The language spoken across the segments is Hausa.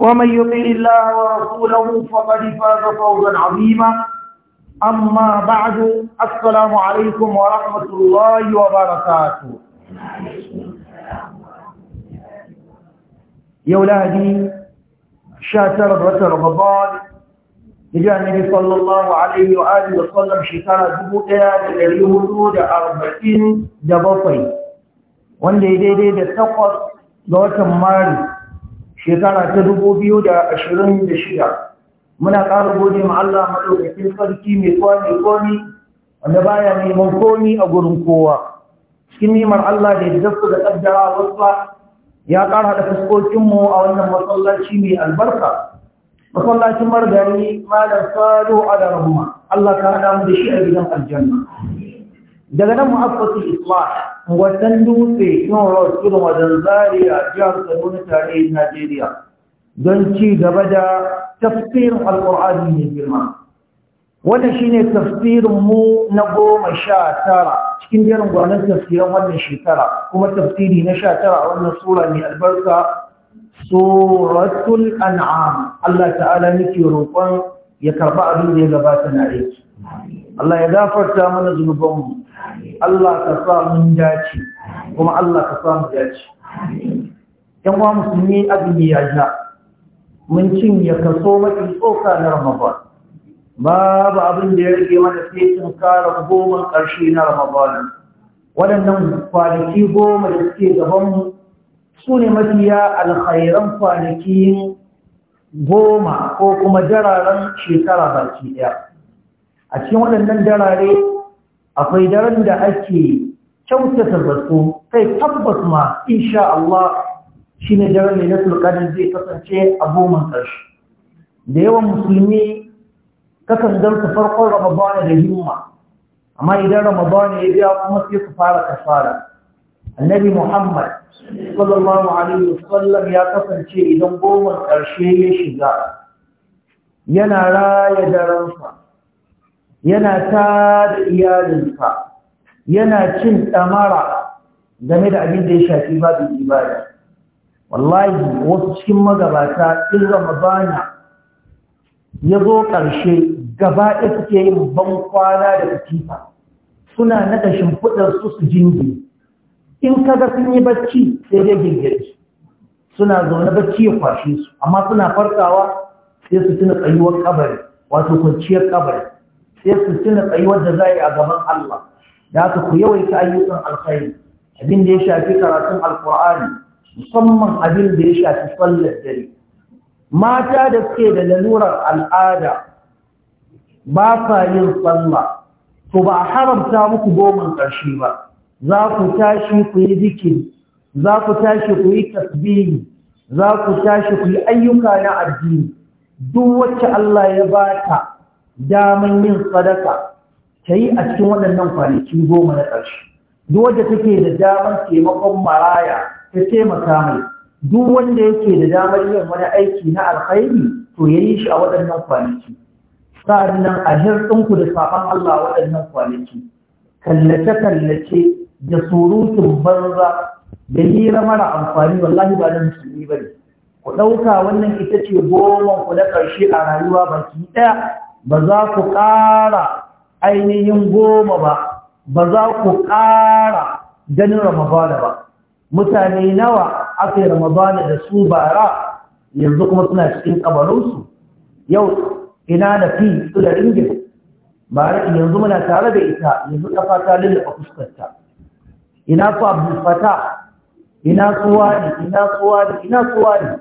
ومن يطع الله ورسوله فقد فاز فوزا عظيما أما بعد السلام عليكم ورحمة الله وبركاته يا ولادي شاتر رتر رمضان لجانب صلى الله عليه وآله وسلم شكرا جبوتها باليهود أربعين جبطي وان دي دي دي تقص لوتن مارس shekara ta dubu biyu da ashirin da shida muna ƙara gode ma Allah maɗaukakin sarki mai kowa mai komi wanda baya neman komi a gurin kowa cikin nimar Allah da ya da ƙaddara wasu ya ƙara da fuskokinmu a wannan masallaci mai albarka masallacin margari malam salo a da rahuma Allah ka haɗa mu da shi a gidan aljanna daga nan mu'affatul islah watan dutse kan su da wajen zariya jihar kaduna tare najeriya don ci gaba da tafsirin alkur'ani mai girma wanda shine tafsirin mu na goma sha tara cikin jerin gwanon tafsirin wannan shekara kuma tafsiri na sha tara a wannan sura mai albarka suratul an'am Allah ta'ala nake roƙon ya karɓi abin da ya gabata na aiki Allah ya gafarta mana zunubanmu Allah ka sa mun dace kuma Allah ka sa mu dace yan uwa musulmi azumi ya ja mun cinye kaso mafi tsoka na Ramadan babu abin da ya rage mana sai cin kara goma ƙarshe na Ramadan waɗannan kwanaki goma da suke gabanmu su ne mafiya alkhairan kwanaki goma ko kuma jararen shekara baki ɗaya a cikin waɗannan darare akwai daren da ake kyautata zato kai tabbas ma insha Allah shi ne daren da nasul kadar zai kasance a goman ƙarshe da yawan musulmi kakan zarta farkon ramadana da himma amma idan ramadana ya biya kuma sai su fara kafara annabi muhammad sallallahu alaihi wasallam ya kasance idan goman ƙarshe ya shiga yana raya sa. yana ta da iyalinsa yana cin ɗamara game da abin da ya shafi babin ibada wallahi wasu cikin magabata in ramadana ya zo ƙarshe gaba ɗaya suke yin ban kwana da katifa suna naɗa shimfiɗarsu su jingi in ka ga sun yi bacci sai dai gingiri suna zaune bacci ya kwashe su amma suna farkawa sai su tuna tsayuwar kabari wato kwanciyar kabari sai su tuna tsayuwar da za yi a gaban Allah da haka ku yawaita ayyukan alkhairi abin da ya shafi karatun alkur'ani musamman abin da ya shafi sallar dare mata da suke da lalurar al'ada ba sa yin sallah to ba a haramta muku goman ƙarshe ba za ku tashi ku yi zikiri za ku tashi ku yi tasbihi za ku tashi ku yi ayyuka na addini duk wacce Allah ya baka Damar yin sadaka ta yi a cikin waɗannan kwanaki goma na ƙarshe duk take da damar taimakon maraya ta taimaka mai duk wanda yake da damar yin wani aiki na alkhairi to ya yi shi a waɗannan kwanaki sa'annan a hirɗinku da saƙon Allah a waɗannan kwanaki kallace-kallace da surutun banza da hira mara amfani wallahi ba na musulmi ba ne ku ɗauka wannan ita ce goma ku na ƙarshe a rayuwa baki ɗaya ba za ku ƙara ainihin goma ba ba za ku ƙara ganin ramadana ba mutane nawa aka yi ramadana da su bara yanzu kuma suna cikin ƙabarunsu yau ina da fi su da ringin bara yanzu muna tare da ita yanzu kafa ta lullaba fuskarta ina ku abdulfata ina suwa ne ina suwa ne ina suwa ne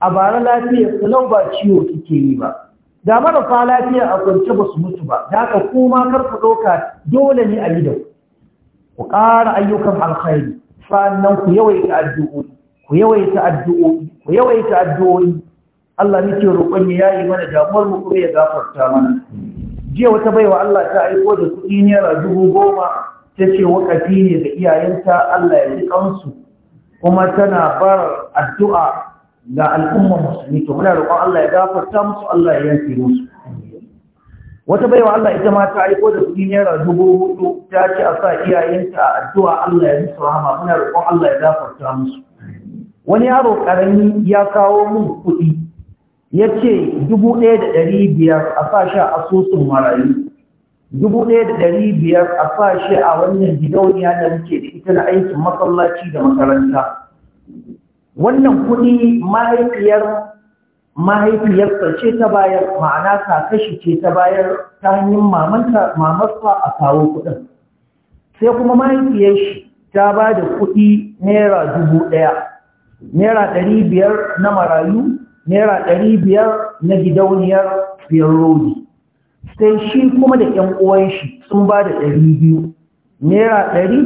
a bara lafiya su ba ciwo kike yi ba da marasa lafiya a kwance ba su mutu ba da haka kuma kar ku ɗauka dole ne a yi da ku ƙara ayyukan alkhairi sannan ku yawaita addu'o'i ku yawaita addu'o'i ku yawaita addu'o'i Allah nake roƙon ya yayi mana damuwar mu kuma ya gafarta mana jiya wata baiwa Allah ta aiko da kuɗi naira dubu goma ta ce wakafi ne ga iyayenta Allah ya ji kansu kuma tana bar addu'a ga al'ummar musulmi to muna roƙon Allah ya gafarta musu Allah ya yanke musu wata baiwa Allah ita ma ta aiko da kuɗi naira dubu hudu ta ce a sa iyayenta a addu'a Allah ya musu rahama muna roƙon Allah ya gafarta musu wani yaro karami ya kawo mun kuɗi ya ce dubu ɗaya da ɗari biyar a sa shi a asusun marayu dubu ɗaya da ɗari biyar a sa shi a wannan gidauniya da muke da ita na aikin masallaci da makaranta wannan kuɗi mahaifiyar mahaifiyarsa ce ta bayar ma'ana ta kashi ce ta bayar ta hanyar mamanta mamarsa a kawo kuɗin sai kuma mahaifiyar shi ta ba da kuɗi naira dubu ɗaya naira ɗari biyar na marayu naira ɗari biyar na gidauniyar biyar rodi sai shi kuma da ƴan uwan shi sun ba da ɗari biyu naira ɗari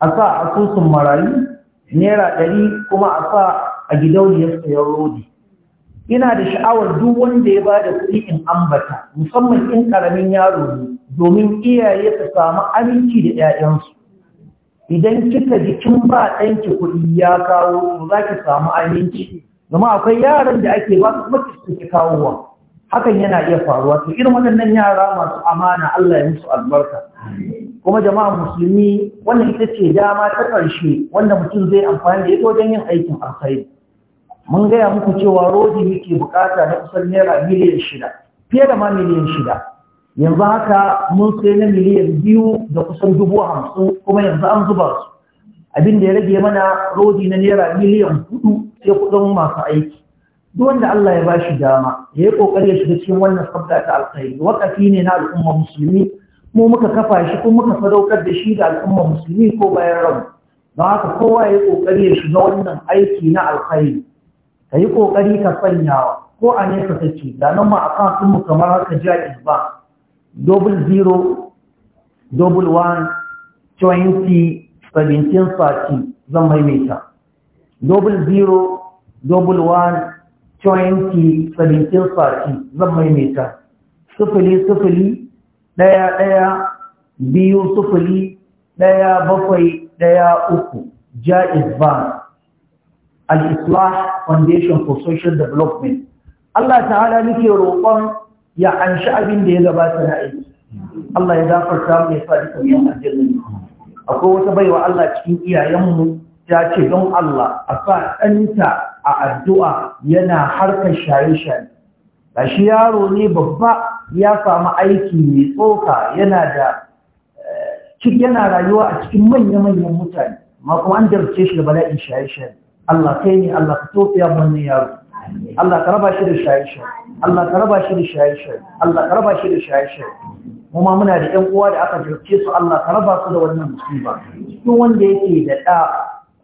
a sa asusun marayu naira ɗari kuma a sa a gidauniyar sayan rodi ina da sha'awar duk wanda ya ba da kuɗi in ambata musamman in ƙaramin yaro ne domin iyaye su samu aminci da 'ya'yansu idan kika ji kin ba ɗanki kuɗi ya kawo to za ki samu aminci gama akwai yaran da ake ba su kuma suke kawowa hakan yana iya faruwa to irin waɗannan yara masu amana Allah ya musu albarka kuma jama'a musulmi wannan ita ce dama ta ƙarshe wanda mutum zai amfani da ita wajen yin aikin alkhairi mun gaya muku cewa rodi yake bukata na kusan naira miliyan shida fiye da ma miliyan shida yanzu haka mun sai na miliyan biyu da kusan dubu hamsin kuma yanzu an zuba su abin da ya rage mana rodi na naira miliyan hudu sai kudin masu aiki duk wanda Allah ya ba shi dama ya yi kokari ya shiga cikin wannan sabda ta alkhairi wakafi ne na al'umma musulmi mu muka kafa shi kuma muka sadaukar da shi da al'umma musulmi ko bayan rabu don haka kowa ya yi ƙoƙari ya shiga wannan aiki na alkhairi ka yi ƙoƙari ka sanyawa ko a nesa take da nan ma akan sun mu kamar haka jaiz ba double zero double one twenty seventeen thirty zan maimaita double zero double one twenty seventeen thirty zan maimaita sifili sifili ɗaya ɗaya biyu sufuri ɗaya bakwai ɗaya uku jaiz bank al-islah foundation for social development Allah ta'ala nake roƙon ya anshi abin da ya gabata na aiki Allah ya gafarta mu ya sa duka mu aljanna akwai wata baiwa Allah cikin iyayenmu ta ce don Allah a sa ɗanta a addu'a yana harkar shaye-shaye shi yaro ne babba ya samu aiki mai tsoka yana da eh, yana rayuwa a cikin manya-manyan mutane ma an jarce shi da bala'in shaye-shaye Allah kai ne Allah ka tofiya wannan yaro Allah ka raba shi da shaye Allah ka raba shi da shaye Allah ka raba shi da shaye-shaye kuma muna da ƴan uwa da aka jarce su Allah ka raba su da wannan musiba duk wanda yake da ɗa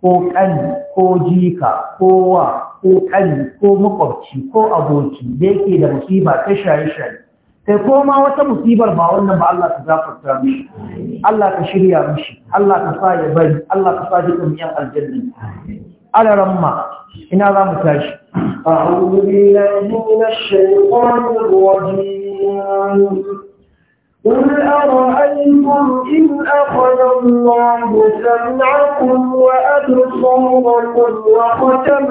ko ƙani ko jika ko wa ko ƙani ko makwabci ko aboki da yake da musiba ta shaye کو ما وت مصیبر باور نہ با اللہ کی ظافت کر دی اللہ کی شریعہ مشی اللہ کا سایہ بن اللہ کا سایہ تم یہ على رمى إن هذا مساج أعوذ بالله من الشيطان الرجيم قل أرأيتم إن الله سمعكم على قدرتكم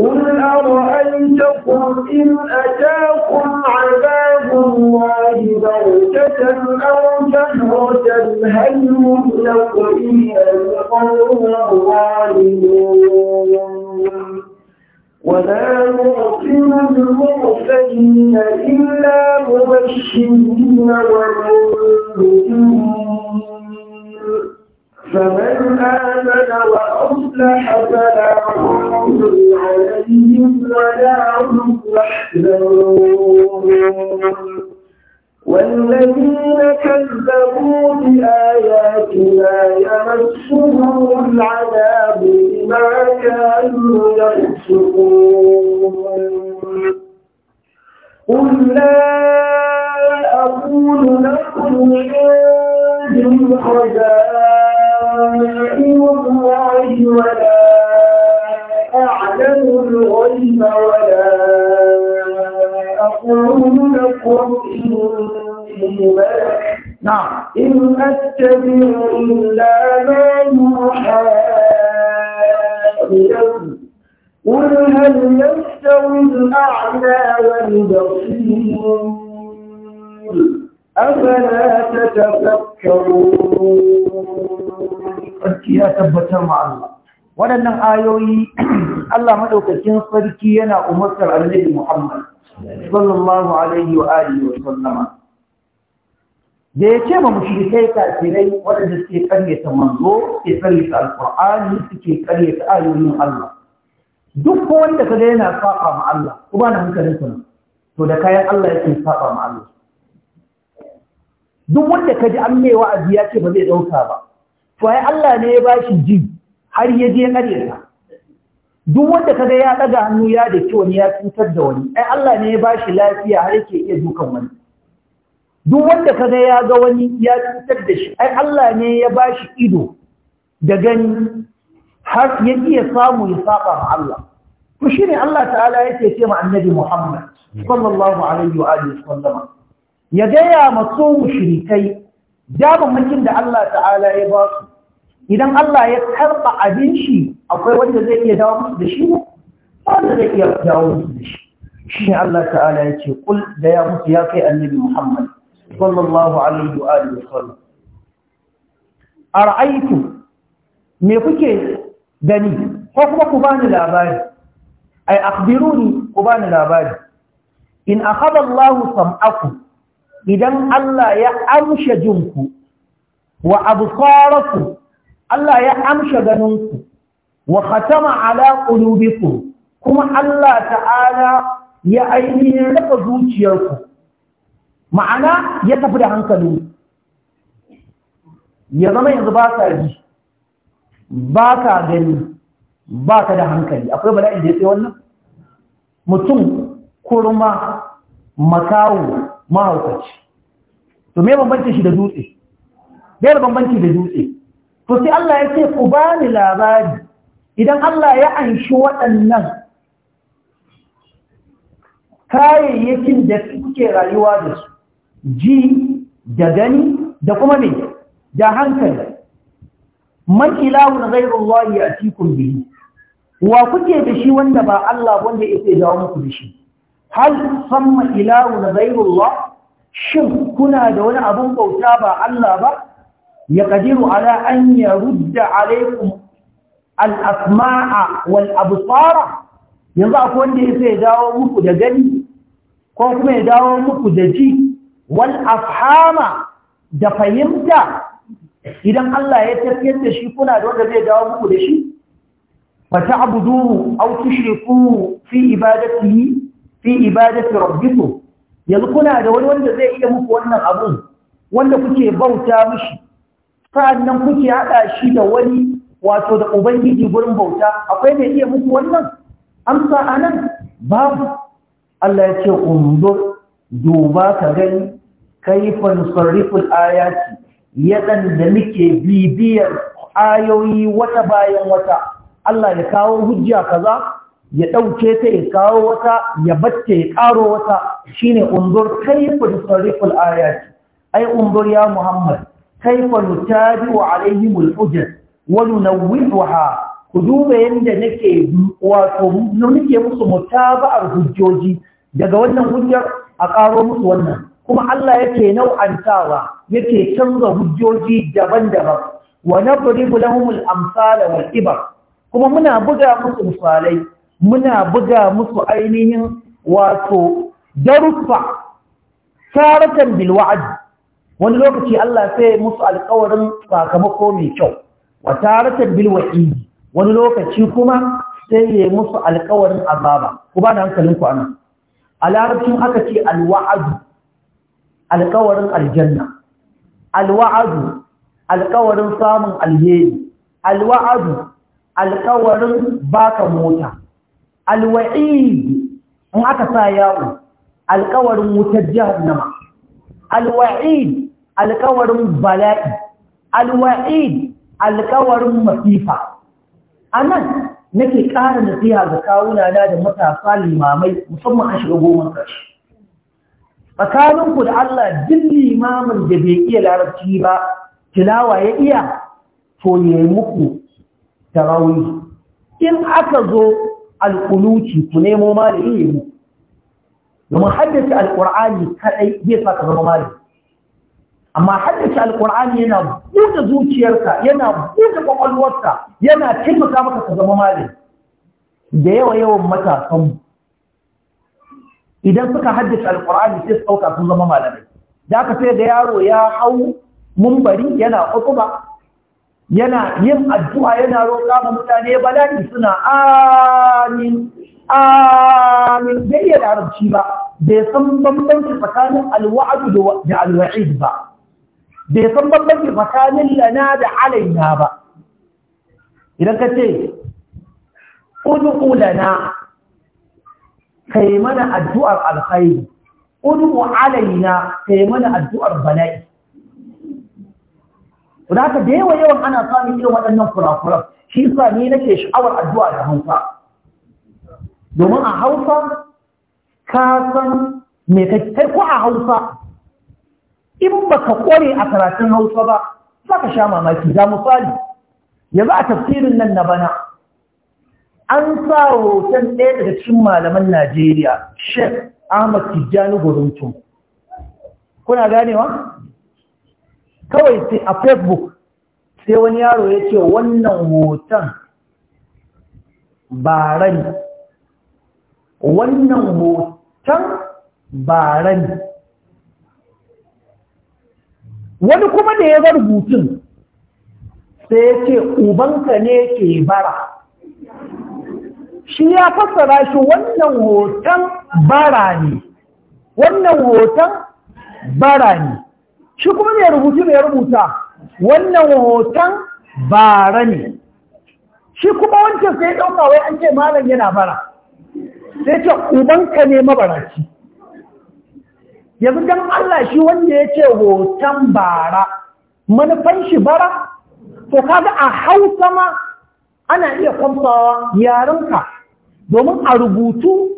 قل أرأيتكم إن أتاكم عذاب الله بغتة أو جهرة هل يهلك إلا القوم الظالمون ولا نرسل المرسلين إلا مبشرين ومنذرين فمن آمن وأصلح فلا خوف عليهم ولا هم يحزنون والذين كذبوا بآياتنا يمسهم العذاب بما كانوا يفسقون قل لا أقول لكم عندي خزائن الله ولا أعلم الغيب ولا أقول لكم إني ملك نعم إن أتبع إلا ما يوحى إليكم قل هل يستوي يستوي الأعمى والبصير أفلا تتفكرون أركيا تبتر مع الله waɗannan ayoyi Allah madaukakin sarki yana umartar annabi Muhammad sallallahu alaihi wa alihi wa sallam da ya ce ma mushrikai kafirai wanda suke ta manzo suke ta alqur'ani suke ta ayoyin Allah duk ko wanda ga yana saba ma Allah ko ba na hankalin sa to da kayan Allah yake saba ma Allah duk wanda ji an mai wa'azi ya ce ba zai ɗauka ba to ai Allah ne ya ba shi ji har ya je karyata duk wanda ga ya daga hannu ya da wani ya cutar da wani ai Allah ne ya ba shi lafiya har yake iya dukan wani duk wanda kaga ya ga wani ya cutar da shi ai Allah ne ya ba shi ido da gani har ya iya samu ya saba ma Allah to shine Allah ta'ala yake ce ma annabi Muhammad sallallahu alaihi wa alihi sallama ya gaya ma so mushrikai damammakin da Allah ta'ala ya ba su idan Allah ya karba abin shi akwai wanda zai iya dawo musu da shi ne wanda zai iya dawo musu da shi shine Allah ta'ala ya ce kul da ya musu ya kai annabi Muhammad sallallahu alaihi wa alihi sallam ara'aytum me kuke gani ko kuma ku bani labari ai akhbiruni ku bani labari in akhadha Allahu sam'aku idan Allah ya amsha jinku wa absaraku Allah ya amsha ganinku wa khatama ala qulubikum kuma Allah ta'ala ya ainihin raka zuciyarku ma'ana ya tafi da hankali ya zama yanzu ba sa ji ba ka gani ba ka da hankali akwai bala'in da ya tsaye wannan mutum kurma makawo mahaukaci to me bambanci shi da dutse bayar bambanci da dutse to sai Allah ya ce ku bani labari idan Allah ya anshi waɗannan kayayyakin da suke rayuwa da su ji da gani da kuma ne da hankali man ilahun ghairullah ya atikum bihi wa kuke da shi wanda ba Allah wanda yake dawo muku da shi hal samma ilahun ghairullah shin kuna da wani abun bauta ba Allah ba ya qadiru ala an yarudda alaikum al asma'a wal absara yanzu akwai wanda yake dawo muku da gani ko kuma ya dawo muku da ji wal afhama da fahimta idan Allah ya tafiyar da shi kuna da wanda zai dawo muku da shi fa ta'buduhu aw tushriku fi ibadatihi fi ibadati rabbikum yanzu kuna da wani wanda zai iya muku wannan abun wanda kuke bauta mishi sa'annan kuke hada shi da wani wato da ubangiji gurin bauta akwai mai iya muku wannan amsa anan babu Allah ya ce unzur duba ka gani kayfa nusarrifu al-ayati da muke bibiyar ayoyi wata bayan wata Allah ya kawo hujja kaza ya dauke ta ya kawo wata ya batta ya ƙaro wata shine unzur kaifa tusarriful ayati ai unzur ya Muhammad kaifa nutabi'u alaihim al-hujjat wa nunawwiha ku duba yadda nake wato nake musu mutaba'ar hujjoji daga wannan hujjar a ƙaro musu wannan kuma Allah yake nau'antawa yake canza hujjoji daban-daban wa nadribu lahum al-amsala wal ibar kuma muna buga musu misalai muna buga musu ainihin wato daruffa saratan bil wa'd wani lokaci Allah sai musu alƙawarin sakamako mai kyau wa taratan bil wa'id wani lokaci kuma sai ya musu alƙawarin azaba ku ba da hankalin ku anan a larabcin aka ce al wa'd alƙawarin aljanna alwa'adu alkawarin samun alheri alwa'adu alkawarin baka mota alwa'id in aka sa yawo alkawarin wutar jahannama alwa'id alkawarin bala'i alwa'id alkawarin masifa anan nake ƙara nasiha ga kawuna da matasa limamai musamman a shiga goma ƙarshe ku da Allah duk limamin da bai iya larabci ba tilawa ya iya to ya muku muku rauni in aka zo alƙuluci ku nemo malami ya muku domin haddace alƙur'ani kaɗai zai sa ka zama malami amma haddace alƙur'ani yana buɗe zuciyarka yana buɗe ƙwaƙwalwarka yana taimaka maka ka zama malami da yawa yawan matasanmu idan suka haddace alkur'ani sai su ɗauka sun zama malamai da ka sai da yaro ya hau mumbari yana kutuba yana yin addu'a yana roƙa ma mutane bala'i suna amin amin bai yi larabci ba bai san bambanci tsakanin alwa'adu da alwa'id ba bai san bambanci tsakanin lana da alaina ba idan ka ce ƙudu lana kai mana addu'ar alkhairi udu alaina kai mana addu'ar bala'i da ka da yawa yawan ana samun irin waɗannan kurakuran shi sa ni nake sha'awar addu'a da hausa domin a hausa ka san me kai ko a hausa in baka kore a karatun hausa ba za ka sha mamaki ga misali yanzu a tafsirin nan na bana an sa hoton ɗaya daga cikin malaman Najeriya Sheikh Ahmad Tijjani Guruntum kuna ganewa kawai sai a Facebook sai wani yaro ya ce wannan hoton baran, wannan hoton baran. wani kuma da ya bar hutun sai ya ce ubanka ne ke bara shi ya fassara shi wannan hoton bara ne wannan hoton bara ne shi kuma mai rubutu mai rubuta wannan hoton bara ne shi kuma wancan sai ɗauka wai an ce malam yana bara sai ce ubanka ne mabaraci yanzu don Allah shi wanda ya ce hoton bara manufan shi bara to kaga a hausa ma ana iya kwamfawa yarinka. domin a rubutu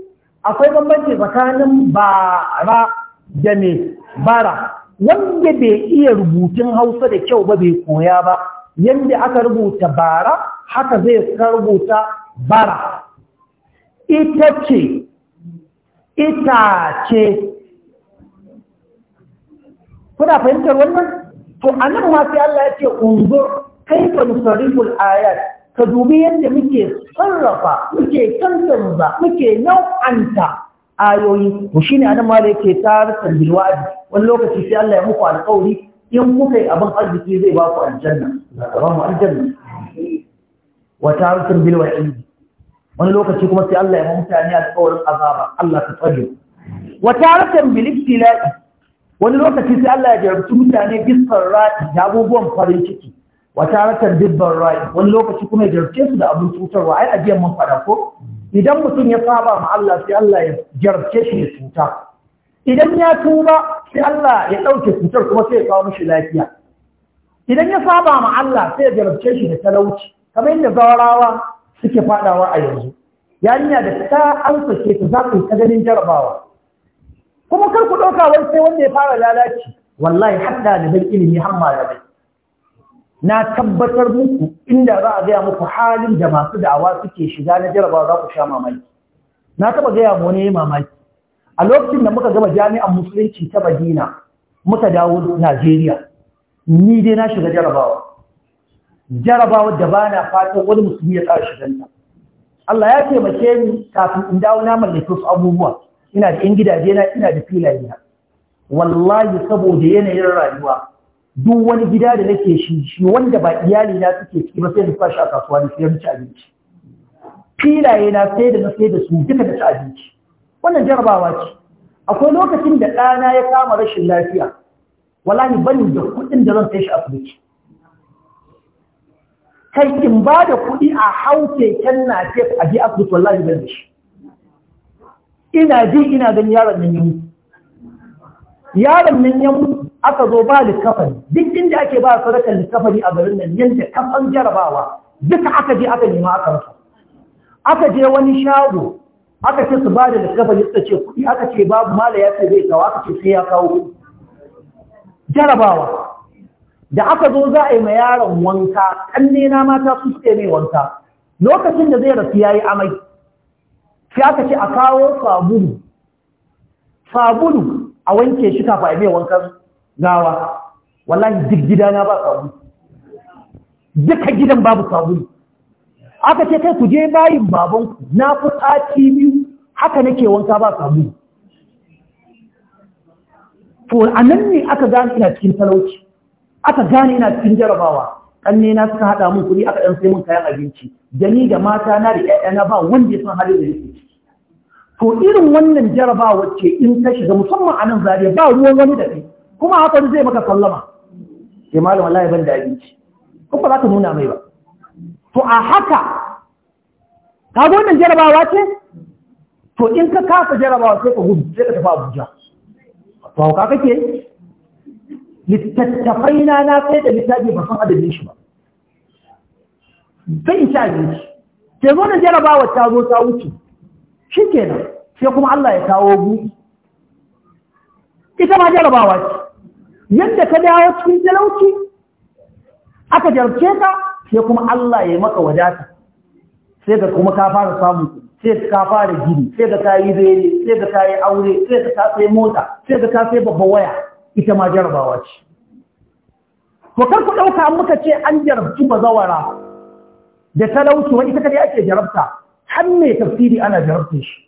akwai bambanci tsakanin bara da ne bara wanda bai iya rubutun hausa da kyau ba bai koya ba yadda aka rubuta bara haka zai rubuta bara ita ce ita ce kuna fahimtar wannan to a nan sai Allah ya ce kai ka musarifin ayat ka dubi yadda muke sarrafa muke cancanza muke nau'anta ayoyi shi ne anan ma da yake tarikan bilwadi wani lokaci sai Allah ya muku alƙawari in kuka yi abin arziki zai ba ku aljanna gaban mu aljanna wa tarikan bilwadi wani lokaci kuma sai Allah ya mu mutane alƙawarin azaba Allah ka tsare wa tarikan bilibtila wani lokaci sai Allah ya jarabci mutane bisan ra'i da abubuwan farin ciki wata ratar dibban rai wani lokaci kuma ya jarce su da abin cutarwa ai ajiyar mun fada ko idan mutum ya saba ma Allah sai Allah ya jarce shi ya cuta idan ya tuba sai Allah ya ɗauke cutar kuma sai ya kawo mishi lafiya idan ya saba ma Allah sai ya jarce shi da talauci kamar yadda zawarawa suke fadawa a yanzu yarinya da ta an sake ta za ta ganin jarabawa kuma kar ku ɗauka wai sai wanda ya fara lalaci wallahi har ɗaliban ilimi har malamai na tabbatar muku inda za a gaya muku halin da masu da'awa suke shiga na jaraba za ku sha mamaki na taba gaya mu ne mamaki a lokacin da muka gama jami'an musulunci ta Madina muka dawo Najeriya ni dai na shiga jarabawa jarabawa da ba na fatan wani musulmi ya tsara shiganta Allah ya taimake ni kafin in dawo na mallaki wasu abubuwa ina da yan gidaje na ina da filaye na wallahi saboda yanayin rayuwa duk wani gida da nake shi shi wanda ba iyali na suke ciki ba sai da fashi a kasuwa da sayar ci abinci filaye na sai da na sai da su duka da ci abinci wannan jarabawa ce akwai lokacin da ɗana ya kama rashin lafiya wallahi bani da kuɗin da zan kai shi asibiti kai in ba da kuɗi a hau keken na ce a bi asibiti wallahi ban da shi ina ji ina ganin yaron nan ya mutu yaron nan ya mutu aka zo ba likafani duk inda ake ba sadakar likafani a garin nan yanda kafan jarabawa duka aka je aka nema aka rasa aka je wani shago aka ce su ba da likafani suka ce kuɗi aka ce babu mala ya ce zai kawo aka ce sai ya kawo jarabawa da aka zo za a yi ma yaron wanka ƙannena mata su suke mai wanka lokacin da zai rasu ya yi amai sai aka ce a kawo sabulu sabulu a wanke shi kafa a mai wankan gawa wallahi duk gidana ba sabu duka gidan babu sabu aka ce kai ku je bayin baban na ku sati biyu haka nake wanka ba sabu to a ne aka gane ina cikin talauci aka gane ina cikin jarabawa kanne na suka hada mun kuɗi aka ɗan sai mun kayan abinci da da mata na da na ba wanda ya san halin da yake ciki to irin wannan jarabawa ce in ta shiga musamman a nan zariya ba ruwan wani da kai kuma haka zai maka sallama ke malam wallahi ban da abinci kuma za ka nuna mai ba to a haka ka ga wannan jarabawa ce to in ka kasa jarabawa sai ka gudu sai ka tafi Abuja to hauka kake littattafai na na sai da littafi ba san adadin shi ba zai in ci abinci ke zo da jarabawa ta zo ta wuce shi kenan sai kuma Allah ya kawo buɗi ita ma jarabawa ce yadda ka dawo cikin talauci aka jarce ka sai kuma Allah ya maka wadata sai ka kuma ka fara samun kuɗi sai ka fara gini sai ka kayi bene sai ka kayi aure sai ka ka sai mota sai ka ka sai babban waya ita ma jarabawa ce to kar ku dauka an muka ce an jarabci bazawara da talauci wani ita kadai ake jarabta har mai tafsiri ana jarabta shi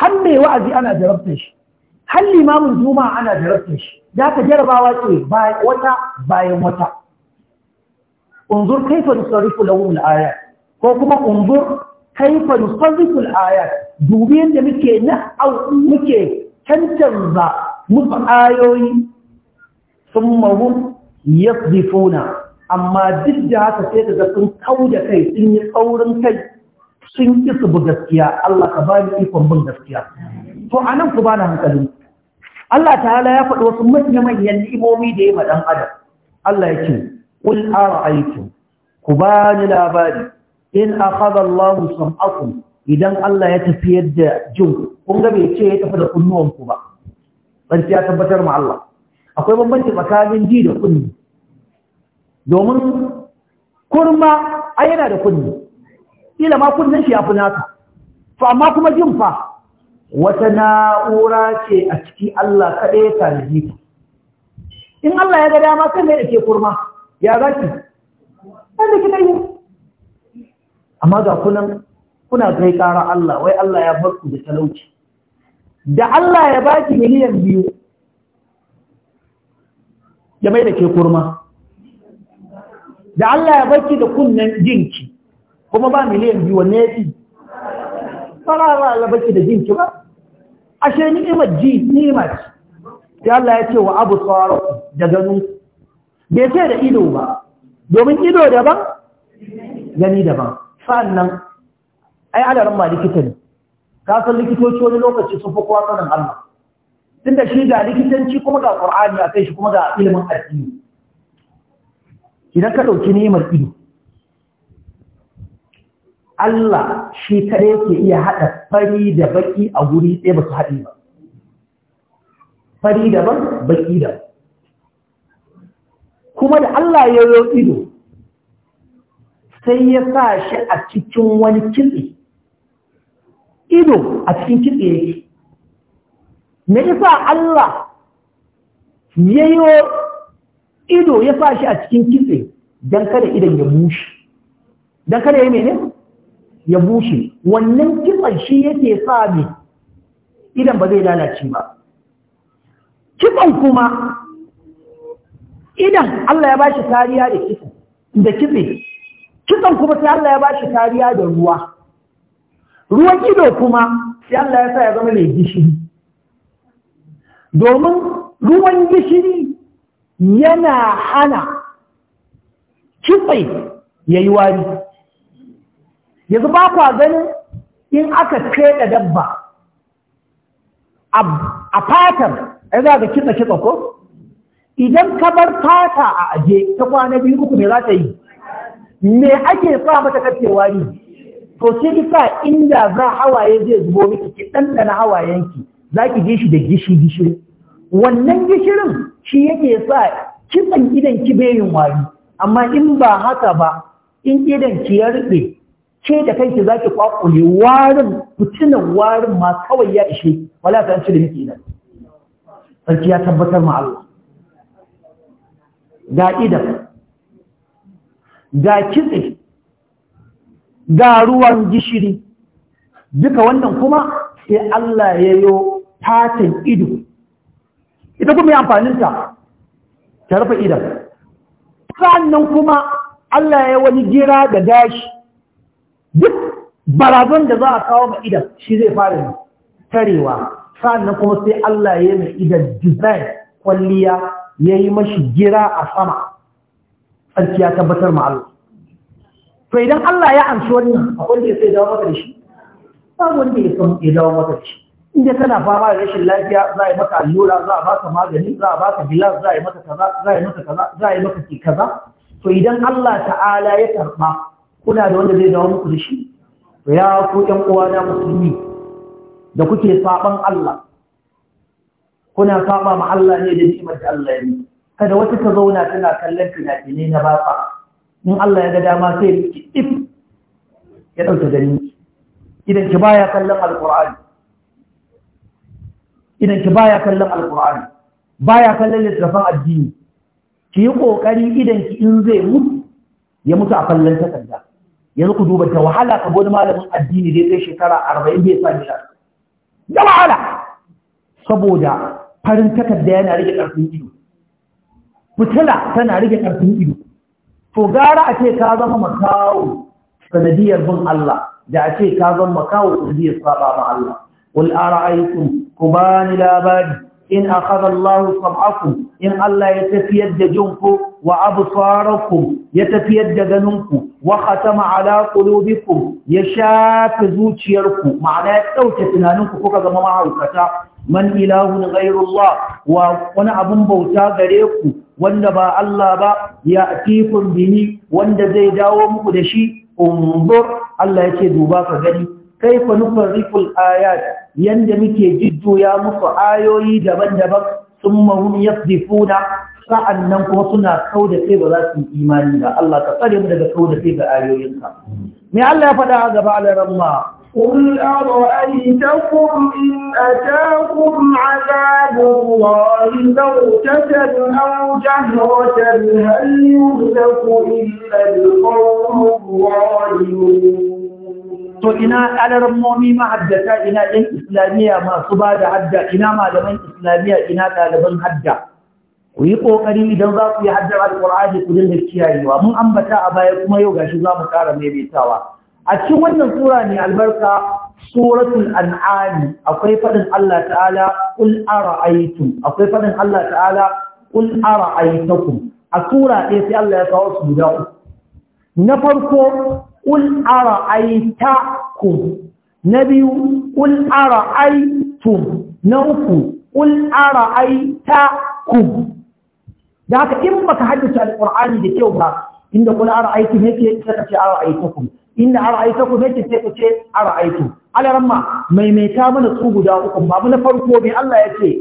har mai wa'azi ana jarabta shi har limamin juma'a ana jarabta shi da ka jarabawa ce wata bayan wata unzur kaifa nusarrifu lahum al-ayat ko kuma unzur kaifa nusarrifu al-ayat dubi yadda muke na muke cancanza musu ayoyi thumma hum yasdifuna amma duk da haka sai daga sun kauda kai sun yi tsaurin kai sun ki su bu gaskiya Allah ka bani ikon bin gaskiya to anan ku bana hankali. Allah ta'ala ya faɗi wasu manya-manyan ni'imomi da ya ma ɗan adam Allah ya ce ara aiki ku ba ni labari in lamu Allahu sam'akum idan Allah ya tafi yadda jin kun ga bai ce ya tafi da kunnuwanku ba sarki ya tabbatar ma Allah akwai bambanci tsakanin ji da kunni domin kurma a yana da kunni ila ma kunnin shi ya fi naka to amma kuma jin fa wata na'ura ce a ciki Allah kaɗai ya tarihi in Allah ya ga dama kan da ke kurma ya za ki ɗan da ki ɗanyi amma ga kunan kuna kai ƙara Allah wai Allah ya barku da talauci da Allah ya baki miliyan biyu ya mai da ke kurma da Allah ya baki da kunnen jinki kuma ba miliyan biyu wanne ya fi farara baki da jinki ba ashe ni ni'imar ji ni'imar sai Allah ya ce wa abu tsawar da ganu bai ce da ido ba domin ido daban gani daban sannan ai adarin ma likita ne ka san likitoci wani lokaci sun fi kowa sanin Allah tunda shi ga likitanci kuma ga Qur'ani a kai shi kuma ga ilimin addini idan ka dauki ni'imar ido Allah shi kare ke iya haɗa fari da baki a guri ɗaya ba su haɗi ba. Fari daban, baki daban. Kuma da Allah ya yi ido, sai ya sa shi a cikin wani kitse. Ido a cikin kitse yake. Me sa Allah ya yi ido ya sa shi a cikin kitse don kada idan ya mushi. Don kada ya mene? ya bushe wannan kitsan shi yake sa idan ba zai lalace ba kitsan kuma idan Allah ya ba shi kariya da kitsan da kitse kitsan kuma sai Allah ya ba shi kariya da ruwa ruwan ido kuma sai Allah ya sa ya zama mai gishiri domin ruwan gishiri yana hana kitse ya yi wari yanzu ba kwa ganin in aka feɗa dabba a fatar ya za ka kitsa kitsa ko idan ka bar fata a aje ta kwana biyu uku me za ta yi me ake sa mata kafewa ne to sai sa inda za hawaye zai zubo miki ki ɗanɗana hawayenki za ki je shi da gishi gishiri wannan gishirin shi yake sa kitsan gidan ki bayin wari amma in ba haka ba in idan ki ya rube ke da kai kanki zaki kwakule warin fitinan warin ma kawai ya ishe wala ta ci da miki sarki ya tabbatar ma Allah ga idan ga kitse ga ruwan gishiri duka wannan kuma sai Allah ya yo fatan ido ita kuma ya amfanin ta ta rufe idan sannan kuma Allah ya wani gira da gashi duk barazan da za a kawo ma idan shi zai fara ne tarewa sannan kuma sai Allah ya mai idan design kwalliya ya yi mashi gira a sama tsarki ya tabbatar ma Allah to idan Allah ya amshi wannan akwai ne ya sai dawo mata da shi ba wanda ya san ya dawo mata da shi inda tana fama da rashin lafiya za a yi maka allura za a baka magani za a baka gilas za a yi maka kaza za a yi maka kaza za a yi maka kaza to idan Allah ta'ala ya karba kuna da wanda zai dawo muku da shi ya ku ɗan uwa na musulmi da kuke saban Allah kuna saba ma Allah ne da ni'imar da Allah ya yi kada wata ta zauna tana kallon fina-finai na batsa in Allah ya ga dama sai riki if ya ɗauke gani idan ki baya kallon alqur'ani idan ki baya kallon alqur'ani baya kallon littafin addini ki yi ƙoƙari idan ki in zai mutu ya mutu a kallon takarda yanzu ku duba ta wahala ka gani malamin addini dai sai shekara arba'in bai sa gida da wahala saboda farin takarda yana rage ƙarfin ido fitila tana rage ƙarfin ido to gara a ce ka zama makawo sanadiyar bin Allah da a ce ka zama makawo sanadiyar saba ma Allah wal ku bani labari in akhadha Allah sam'akum in Allah ya tafiyar da jinku wa absarakum ya tafiyar da ganinku wa khatama ala qulubikum ya shafi zuciyarku ma'ana ya dauke tunaninku kuka zama mahaukata man ilahun ghairullah wa wani abun bauta gare ku wanda ba Allah ba ya atikun bihi wanda zai dawo muku da shi umbur Allah yake duba ka gani kaifa nufarriful ayat yanda muke jiddoya muku ayoyi daban-daban thumma hum yasdifuna sa'annan kuma suna kauda da kai ba za su yi imani ba Allah ka tsare mu daga kauda da kai ga ayoyinka me Allah ya faɗa a gaba Allah alaramma قل أرأيتكم إن أتاكم عذاب الله بغتة أو جهرة هل يهلك إلا القوم الظالمون to ina alarmomi ma'addata ina ɗan islamiyya masu ba da hadda ina malaman islamiyya ina ɗaliban hadda ku yi ƙoƙari idan za ku yi hajjar alƙur'ani ku dinga kiyayewa mun ambata a baya kuma yau gashi za mu ƙara maimaitawa a cikin wannan sura ne albarka suratul an'am akwai faɗin Allah ta'ala qul ara'aytum akwai faɗin Allah ta'ala qul ara'aytakum a sura ɗaya sai Allah ya kawo su guda na farko qul ara'aytakum na biyu qul ara'aytum na uku qul ara'aytakum da haka in baka haddace alqur'ani da kyau ba inda kula ara'aytum yake sai ka ce ara'aytukum inda ara'aytukum yake sai ka ce ara'aytu alaramma maimaita mana su guda uku babu na farko bai Allah yake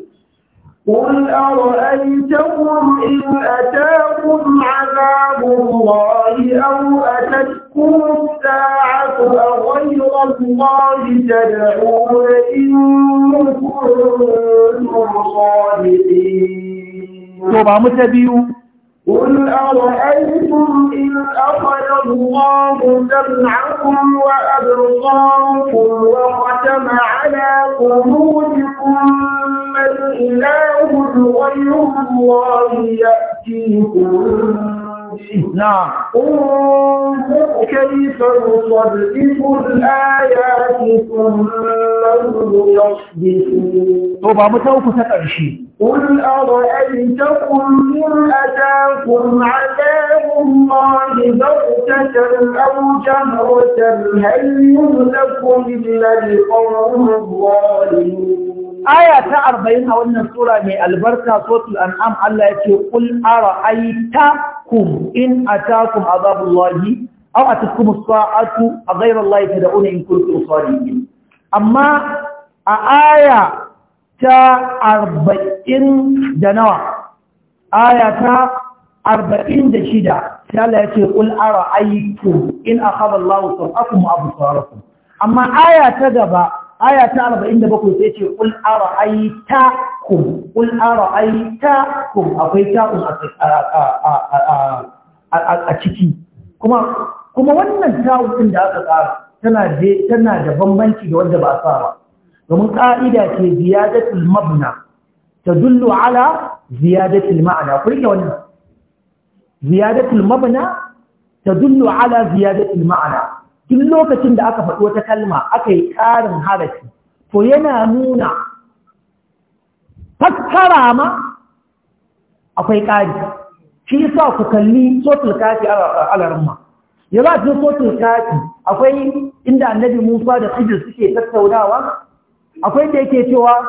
قل أرأيتكم إن أتاكم عذاب الله أو أتتكم الساعة أغير الله تدعون إن كنتم صادقين to ba mu ta biyu قل أرأيتم إن أخذ الله سمعكم وأبصاركم وختم على قلوبكم من إله غير الله يأتيكم نعم انظر كيف نصدق الآيات ثم يصدقون طبعا متوقف تقرشي قل أرأيتكم إن أتاكم عذاب الله بغتة أو جهرة هل يهلك إلا القوم الظالمون aya ta arba'in a wannan sura mai albarka sotul an'am Allah ya ce ƙul ara aitakum in atakum azabullahi aw atkum sa'atu a ghayra Allah tad'una in kuntum salihin amma a aya ta arba'in da nawa aya ta arba'in da shida Allah ya ce amma aya ta gaba aya ta 47 sai ce qul ara'aytakum qul ara'aytakum akwai ta'un a ciki kuma wannan ta'un ɗin da aka tsara tana da tana da bambanci da wanda ba a tsara domin ƙa'ida ce ziyadatul mabna tadullu ala ziyadatul ma'ana ku rike wannan ziyadatul mabna ala ziyadatul ma'ana duk lokacin da aka faɗi wata kalma aka yi ƙarin harafi to yana nuna fassara ma akwai ƙari shi yasa ku kalli sotul kafi alarin ya ba su sotul kafi akwai inda annabi musa da sujil suke tattaunawa akwai da yake cewa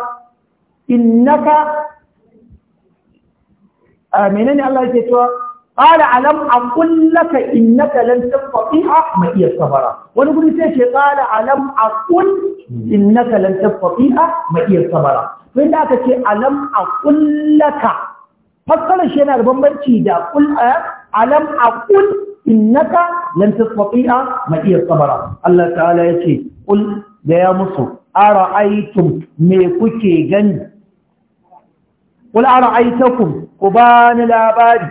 innaka a menene Allah yake cewa قال ألم أقل لك إنك لن تستطيع معي السفر ونقول سيشي قال ألم أقل إنك لن تستطيع معي السفر فإن أتك ألم أقل لك فقال شينا البنبرتي دا قل ألم أقل إنك لن تستطيع معي السفر الله تعالى يشي قل يا مصر أرأيتم ميكوكي جن قل أرأيتكم قبان الأبادي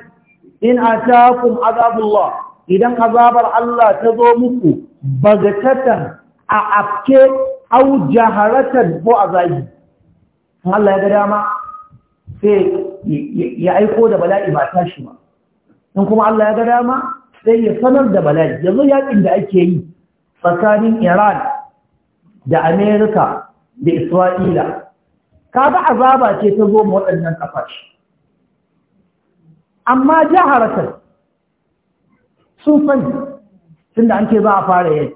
in atakun azabullah idan azabar Allah ta zo muku bagatatan a afke au jaharatan ko azabi Allah ya ga dama sai ya aiko da bala'i ba tashi ba in kuma Allah ya ga dama sai ya sanar da bala'i yanzu yakin da ake yi tsakanin Iran da Amerika da Isra'ila kaga azaba ce ta zo mu waɗannan ƙasashe. amma jaharatar sun sani tunda an ce za a fara yaki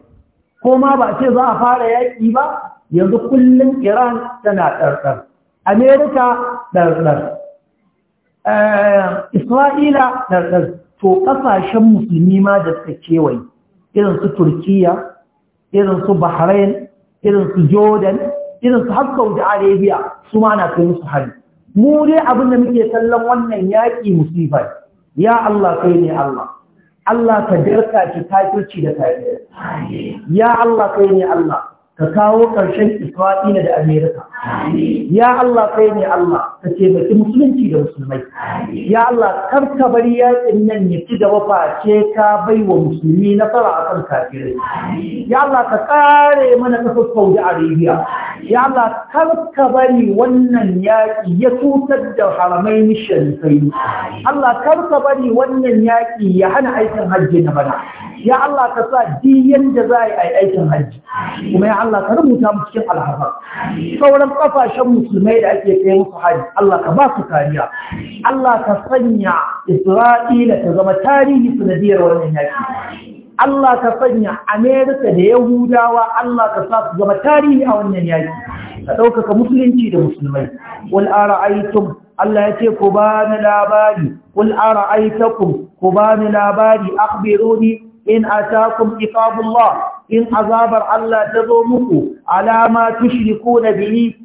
ko ma ba ce za a fara yaƙi ba yanzu kullum iran tana ɗarɗar amerika ɗarɗar eh, isra'ila ɗarɗar to ƙasashen musulmi ma da suka kewaye irin su turkiya irin su bahrain irin su jordan irin su har saudi arabia su ma na kai musu hari mu dai abin da muke kallon wannan yaƙi musifa ya Allah kai ne Allah Allah ka darka ki kafirci da kafir ya Allah kai ne Allah ka kawo ƙarshen Isra'ila da Amerika. Ya Allah kai ne Allah ka taimaki musulunci da musulmai. Ya Allah kar ka bari yakin nan ya ci gaba ce ka bai wa musulmi nasara akan kafirai. Ya Allah ka kare mana kasar Saudi Arabia. Ya Allah kar ka bari wannan yaƙi ya cutar da haramai sharifai. Allah kar ka bari wannan yaƙi ya hana aikin hajji na bana. ya Allah ka sa diyan da za a yi aikin hajji kuma ya Allah ka rubuta mu cikin alhazar sauran kafashen musulmai da ake kai musu hajji Allah ka ba su kariya Allah ka sanya Isra'ila ta zama tarihi sanadiyar wannan yaki Allah ka sanya Amerika da Yahudawa Allah ka sa su zama tarihi a wannan yaki ka ɗaukaka musulunci da musulmai wal ara'aytum Allah ya ce ku ba ni labari kul ara'aytakum ku ba ni labari akhbiruni in atakum iqabullah in azabar Allah ta zo muku alama tushrikuna bihi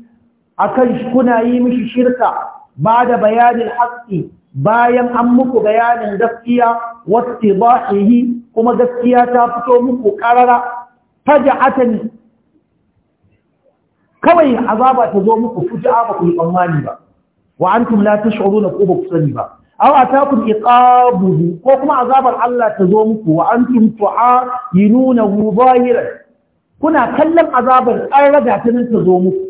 akan kuna yi mishi shirka ba da bayanin haqqi bayan an muku bayanin gaskiya wattidahihi kuma gaskiya ta fito muku karara faj'atan kawai azaba ta zo muku fuja'a ba ku yi tsammani ba wa antum la tash'uruna ku ba ku sani ba aw atakum iqabuhu ko kuma azabar Allah ta zo muku wa antum tu'ayinunahu zahiran kuna kallon azabar an raga ta nan ta zo muku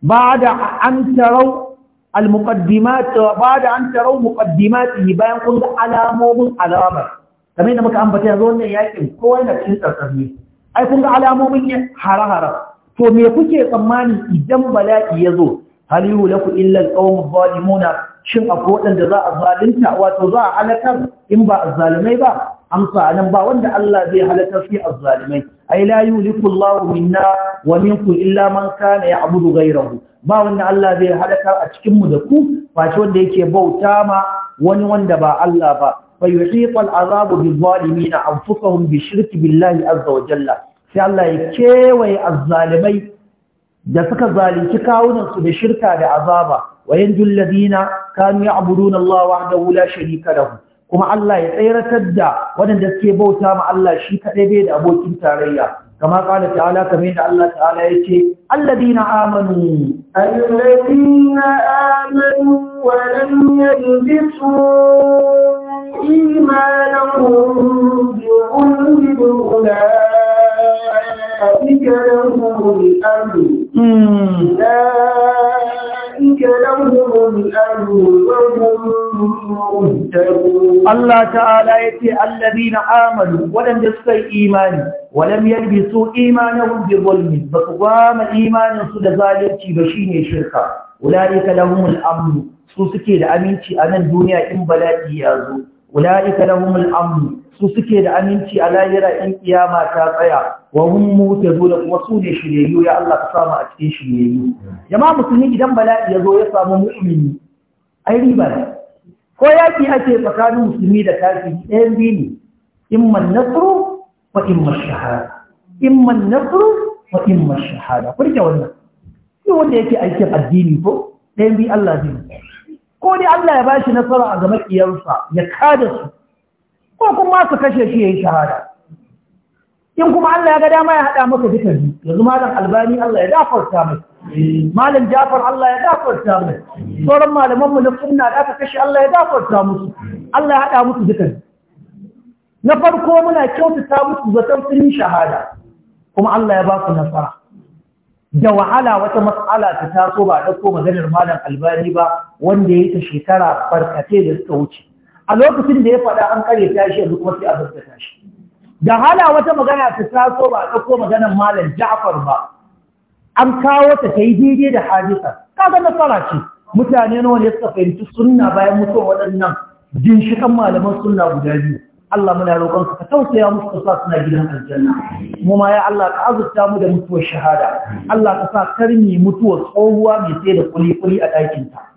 ba'da an tarau al-muqaddimat ba'da an tarau muqaddimatihi bayan kun ga alamomin azabar kamar yadda muka ambata yanzu wannan yakin kowa yana cikin tsatsarni ai kun ga alamomin harahara to me kuke tsammani idan bala'i ya zo hal illar illa alqawmu zalimuna shin akwai da za a zalunta wato za a halakar in ba azzalimai ba amsa nan ba wanda Allah zai halakar fi azzalimai ai la yuliku Allahu minna wa minkum illa man kana ya'budu gairahu. ba wanda Allah zai halakar a cikin mu da ku face wanda yake bauta ma wani wanda ba Allah ba fa yuhiqu al'azabu bi zalimin anfusahum bi shirki billahi azza wa jalla sai Allah ya kewaye azzalimai da suka zalunci kawunansu da shirka da azaba wa yanjul ladina kanu ya'buduna Allah wahdahu wula sharika lahu kuma Allah ya tsayratar da wadanda suke bauta ma Allah shi kaɗai bai da abokin tarayya kama ƙala ta'ala kamar da Allah ta'ala ya yace alladina amanu alladina amanu wa lam yalbisu imanahum bi ulul ulai أولئك لهم الأمن Allah ta'ala ya ce allazi na amalu waɗanda suka yi imani walam yalbi su imanin bi zulmi ba su gwama imaninsu da zalunci ba shine shirka ulaika lahumul amn su suke da aminci a nan duniya in bala'i ya zo ka lahumul amn su suke da aminci a lahira in kiyama ta tsaya wa hum mutazuna kuma su ne shiryayyu ya Allah ka samu a cikin shiryayyu jama'a musulmi idan bala'i ya zo ya samu mu'mini ai riba ne ko yaki ake tsakanin musulmi da kafiri ɗayan biyu ne imma nasru wa imma shahada imma nasru wa imma shahada ku rike wannan shi wanda yake aikin addini ko ɗayan biyu Allah zai ko dai Allah ya bashi nasara a ga makiyarsa ya kada su ko kuma su kashe shi ya yi shahada in kuma Allah ya ga dama ya haɗa maka duka biyu yanzu malam albani Allah ya dafarta mai malam jafar Allah ya dafarta mai sauran malaman mu na sunna da aka kashe Allah ya dafarta musu Allah ya haɗa musu duka na farko muna kyautata musu zaton sun yi shahada kuma Allah ya ba su nasara da wahala wata mas'ala ta taso ba a ɗauko maganar malam albani ba wanda ya yi ta shekara barkate da suka wuce a lokacin da ya faɗa an kare tashi yanzu kuma sai a gaskata tashi. da hala wata magana ta taso ba a ɗauko maganar malam Ja'far ba an kawo ta ta yi daidai da hadisa kaga nasara ce mutane nawa ne suka fahimci sunna bayan mutuwar waɗannan ginshiƙan malaman sunna guda biyu Allah muna roƙon ka tausaya musu ka suna gidan aljanna mu ma ya Allah ka azurta mu da mutuwar shahada Allah ka sa karmi mutuwar tsohuwa mai sai da kuli kuli a ɗakin ta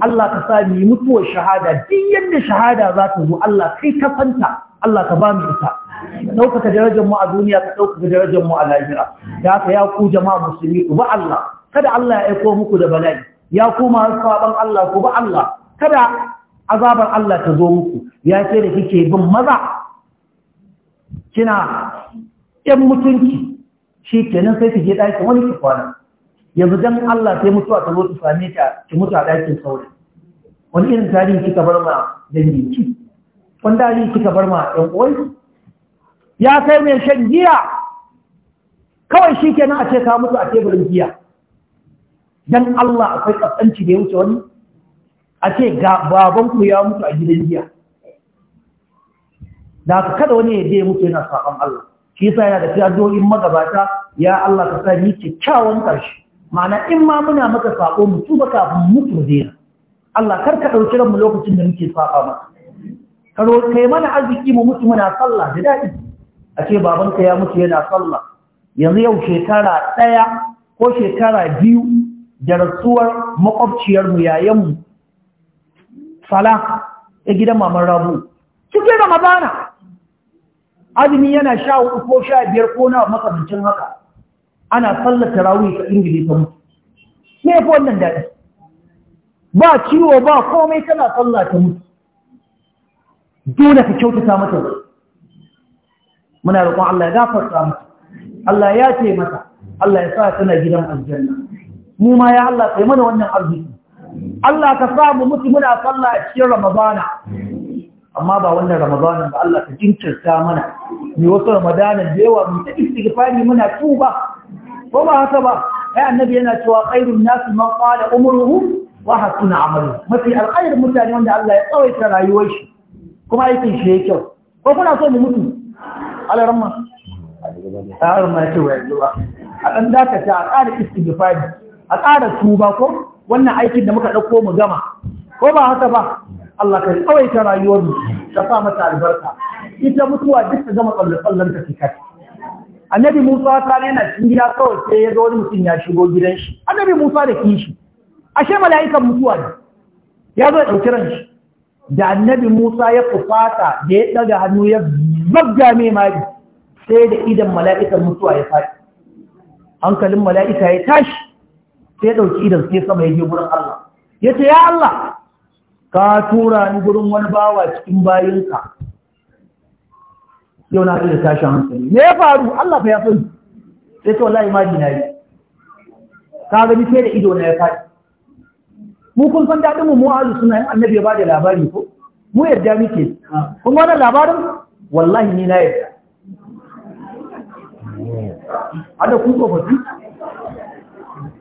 Allah ka sa mu mutuwar shahada duk yadda shahada za ta zo Allah kai ka fanta Allah ka ba mu ita ɗaukaka darajar mu a duniya ka ɗaukaka darajar mu a lahira da haka ya ku jama'a musulmi ku ba Allah kada Allah ya aiko muku da bala'i ya kuma masu Allah ku ba Allah kada azabar Allah ta zo muku ya ce da kike bin maza kina yan mutunci shi kenan sai ki je wani ki kwana yanzu dan Allah sai mutuwa ta zo ta same ta ki mutu a ɗakin sauri wani irin tarihi kika bar ma dangin ki wani tarihi kika bar ma ɗan uwan ya kai mai shan giya kawai shi kenan a ce ka mutu a teburin giya dan Allah akwai ƙasƙanci da ya wuce wani a ce ga ku ya mutu a gidan giya da aka kada wani ya je mutu yana saƙon Allah shi yasa yana da addu'o'in magabata ya Allah ka sa ni kyakkyawan ƙarshe ma'ana in ma muna maka saƙo mu tuba kafin mutu daina Allah kar ka ɗauki ranmu lokacin da muke saba maka ka kai mana arziki mu mutu muna sallah da daɗi a ce babanka ya mutu yana sallah yanzu yau shekara ɗaya ko shekara biyu da rasuwar makwabciyarmu yayanmu sala ya gidan maman rabu cikin ramadana azumi yana sha hudu ko sha biyar ko na makamancin haka ana sallar tarawih ta ingile ta mutu me yafi wannan daɗi ba ciwo ba komai tana sallah ta mutu dole ka kyautata mata muna roƙon Allah ya gafarta mata Allah ya ce mata Allah ya sa tana gidan aljanna mu ma ya Allah kai mana wannan arziki Allah ka sa mu mutu muna sallah a cikin Ramadana amma ba wannan Ramadana ba Allah ka jinkirta mana ni wasu Ramadanan da yawa mu ta istighfari muna tuba ko ba haka ba ai annabi yana cewa khairun nas man qala umruhu wa hasuna amalu mafi alkhair mutane wanda Allah ya tsawaita rayuwar shi kuma aikin shi yake kyau ko kuna so mu mutu alaramma alaramma ya ce wa yanzu ba a dan dakata a ƙara istighfari a ƙara tuba ko wannan aikin da muka ɗauko mu gama ko ba haka ba Allah ka tsawaita rayuwar mu ta sa mata albarka ita mutuwa duk ta gama tsalle-tsallen ta kai annabi Musa ta yana cikin gida kawai sai ya zo wani mutum ya shigo gidan shi annabi Musa da kishi ashe mala'ikan mutuwa ne ya zo ɗauki ran shi da annabi Musa ya fufata da ya ɗaga hannu ya zagga mai mari sai da idan mala'ikan mutuwa ya faɗi hankalin mala'ika ya tashi sai ɗauki idan sai sama ya je gurin Allah ya ce ya Allah ka tura ni gurin wani bawa cikin bayinka yau na iya tashi hankali me ya faru Allah fa ya sani sai to wallahi ma na yi ka ga sai da ido na ya faɗi mu kun san daɗin mu mu'azu suna yin annabi ya bada labari ko mu yadda muke kun wannan labarin wallahi ni na yadda hada ku tsofaffi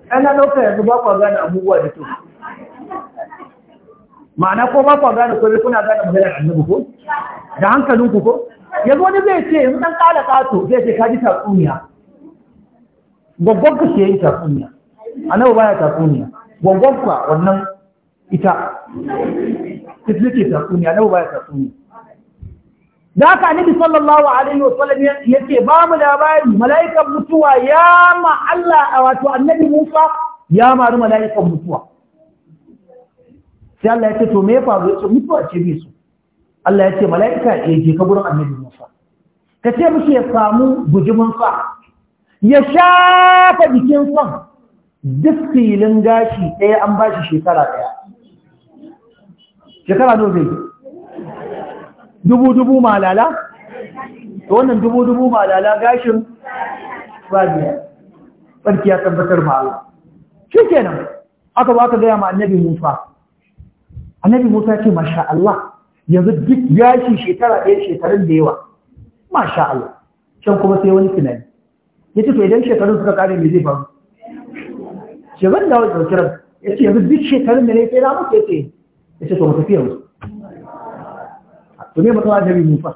ana ɗauka yanzu ba kwa gane abubuwa da kyau ma'ana ko ba kwa gane ko kuna gane magana annabi ko da hankalinku ko yanzu wani zai ce yanzu ɗan ƙala ƙato zai ce kaji tatsuniya gwaggon ka ke yi tatsuniya nawa baya tatsuniya gwaggon ka wannan ita ta ce tatsuniya nawa baya tatsuniya da aka annabi sallallahu alaihi wa sallam yake ba mu labari mala'ikan mutuwa ya ma Allah a wato annabi Musa ya maru mala'ikan mutuwa sai Allah ya ce to me ya faru ya ce mutuwa ce bai so. Allah ya ce mala'ika ya je ka gurin annabi Musa ka ce mishi ya samu bujimin sa ya shafa jikin son duk filin gashi ɗaya an ba shi shekara ɗaya shekara nawa zai dubu dubu malala da wannan dubu dubu malala gashin rajiya tsarki ya tabbatar ma Allah shi kenan aka ba ka gaya ma annabi Musa annabi Musa ce masha Allah yanzu duk yashi shekara ɗaya shekarun da yawa masha Allah can kuma sai wani tunani ya ce to idan shekarun suka ƙare mai zai faru shekarun da wani ɗaukiran ya ce yanzu duk shekarun da ne sai na mutu ce ya ce to mu tafi wasu. to me mutum annabi musa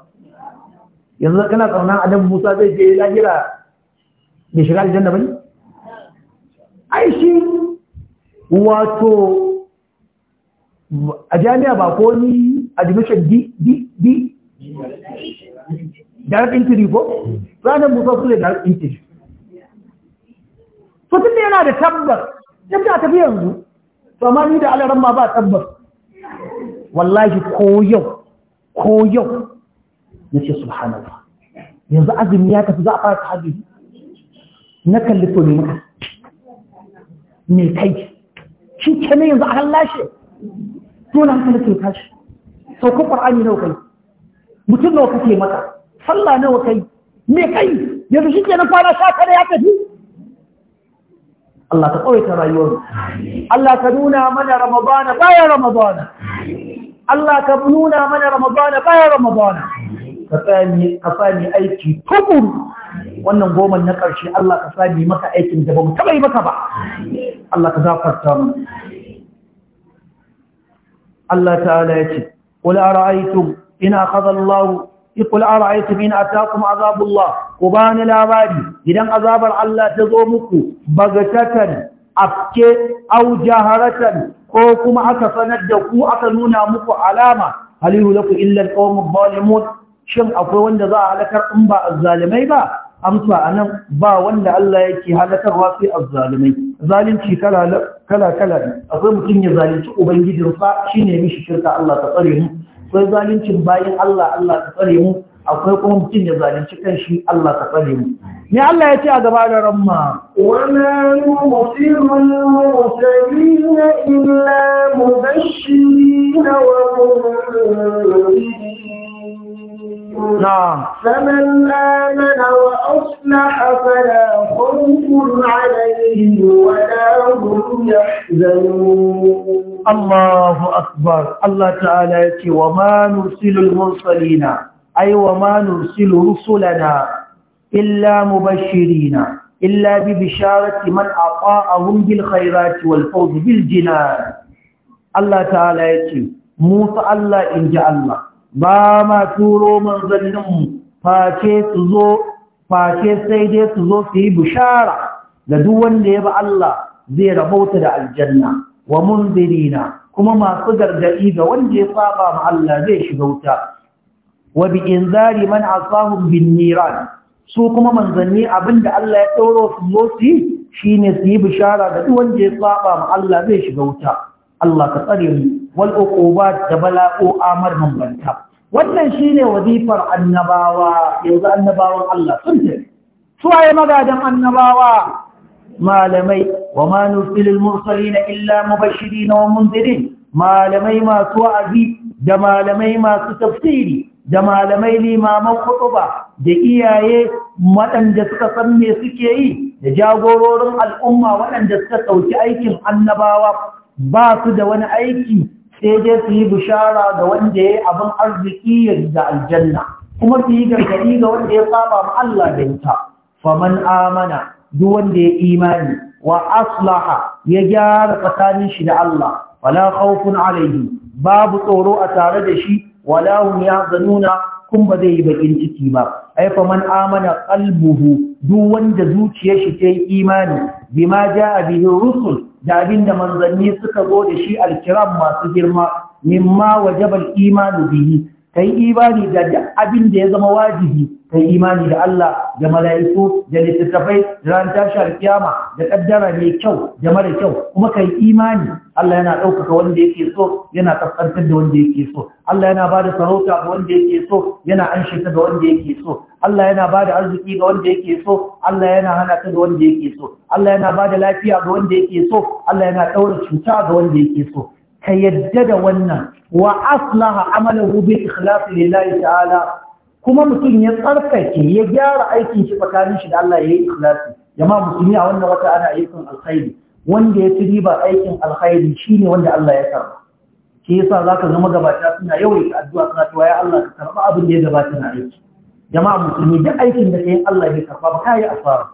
yanzu kana tsaunan adam musa zai je lahira da shiga aljanna bane ai shi wato a jami'a ba ko ni admission d d d direct entry ko hmm. ranar mu su ne direct entry so tun yana da tabbas yadda a tafi yanzu to amma ni da alaran ma ba tabbas wallahi ko yau ko yau ya ce subhanallah yanzu azumi ya tafi za a fara tahajjudi na kalli to ne maka me kai shi ke ne yanzu a hallashe to na kalli to tashi saukar ƙwar'ani nawa kai mutum nawa kake mata sallah nawa kai me kai yanzu shi ke na kwana sha kada ya tafi Allah ka tsawaita rayuwar Allah ka nuna mana Ramadana bayan Ramadana Allah ka nuna mana Ramadana bayan Ramadana ka sami ka sami aiki tukuru wannan goma na ƙarshe Allah ka sami maka aikin da ba mu taɓa yi maka ba Allah ka zafarta mu Allah ta'ala ya ce قل أرأيتم إن أخذ الله قل أرأيتم إن أتاكم عذاب الله قبان الأبادي إذن عذاب الله تظومك بغتة أبكي أو جاهرة قوكم أكفندكو أكنونا مكو علامة هل يهلك إلا القوم الظالمون شم أفوان ذا لك أنباء الظالمين أمسى أنا با وند الله يكي هلك الراسي الظالمين ظالم شكال هلك kala-kala akwai mutum ya zalunci fa shi ne mishi shirka Allah ta tsare mu akwai zaluncin bayan Allah Allah ta tsare mu akwai kuma mutum ya zalunci kanshi Allah ta tsare mu ni Allah ya ce a gaba da ramma wala nusirul mursalin illa mubashirin wa munzirin نعم فمن آمن وأصلح فلا خوف عليهم ولا هم يحزنون الله أكبر الله تعالى وما نرسل المرسلين أي وما نرسل رسلنا إلا مبشرين إلا ببشارة من أطاعهم بالخيرات والفوز بالجنان الله تعالى يتي موت الله إن جاء الله ba ma turo manzannin face su zo face sai dai su zo su yi bishara da duk wanda ya ba Allah zai rabauta da aljanna wa munzirina kuma masu gargadi ga wanda ya saba ma Allah zai shiga wuta wa bi inzari man asahum bin niran su kuma manzanni abinda Allah ya dauro su zo su shine su yi bishara da duk wanda ya saba ma Allah zai shiga wuta Allah ka tsare mu wal uquba da amar mabanta wannan shine wazifar annabawa yanzu annabawan Allah sun tafi suwaye magadan annabawa malamai wa ma nursilul na illa mubashirin wa munzirin malamai masu wa'azi da malamai masu tafsiri da malamai limaman kutuba da iyaye waɗanda suka san me suke yi da jagororin al'umma waɗanda suka ɗauki aikin annabawa ba su da wani aiki sai dai su yi bishara ga wanda ya yi abin arziki ya da aljanna kuma su yi gargaɗi ga wanda ya saba ma Allah da fa faman amana duk wanda ya imani wa aslaha ya gyara tsakanin shi da Allah wala khawfun alaihi babu tsoro a tare da shi wala hum yahzanuna kun ba zai yi bakin ciki ba ai fa man amana qalbuhu duk wanda zuciyar shi ta yi imani bima jaa bihi rusul da abinda manzanni suka zo da shi alkiram masu girma mimma wajaba al-imanu bihi Kai imani da duk abin da ya zama wajibi kai imani da Allah da mala'iku da littattafai da ran tashi kiyama da kaddara mai kyau da mara kyau kuma kai imani Allah yana ɗaukaka wanda yake so yana kaskantar da wanda yake so Allah yana ba da sarauta ga wanda yake so yana anshe ta ga wanda yake so Allah yana ba da arziki ga wanda yake so Allah yana hana ta ga wanda yake so Allah yana ba da lafiya ga wanda yake so Allah yana ɗaura cuta ga wanda yake so ka yadda da wannan wa aslaha amalahu rubin ikhlas lillahi ta'ala kuma mutum ya tsarkake ya gyara aikin shi tsakanin shi da Allah ya yi ikhlasi jama'a musulmi a wannan wata ana aikin alkhairi wanda ya fi riba aikin alkhairi shine wanda Allah ya karba shi yasa zaka zama gabata suna yawaita addu'a suna cewa ya Allah ka karba abin da ya gabata na aiki jama'a musulmi duk aikin da kai Allah ya karba ba kai asara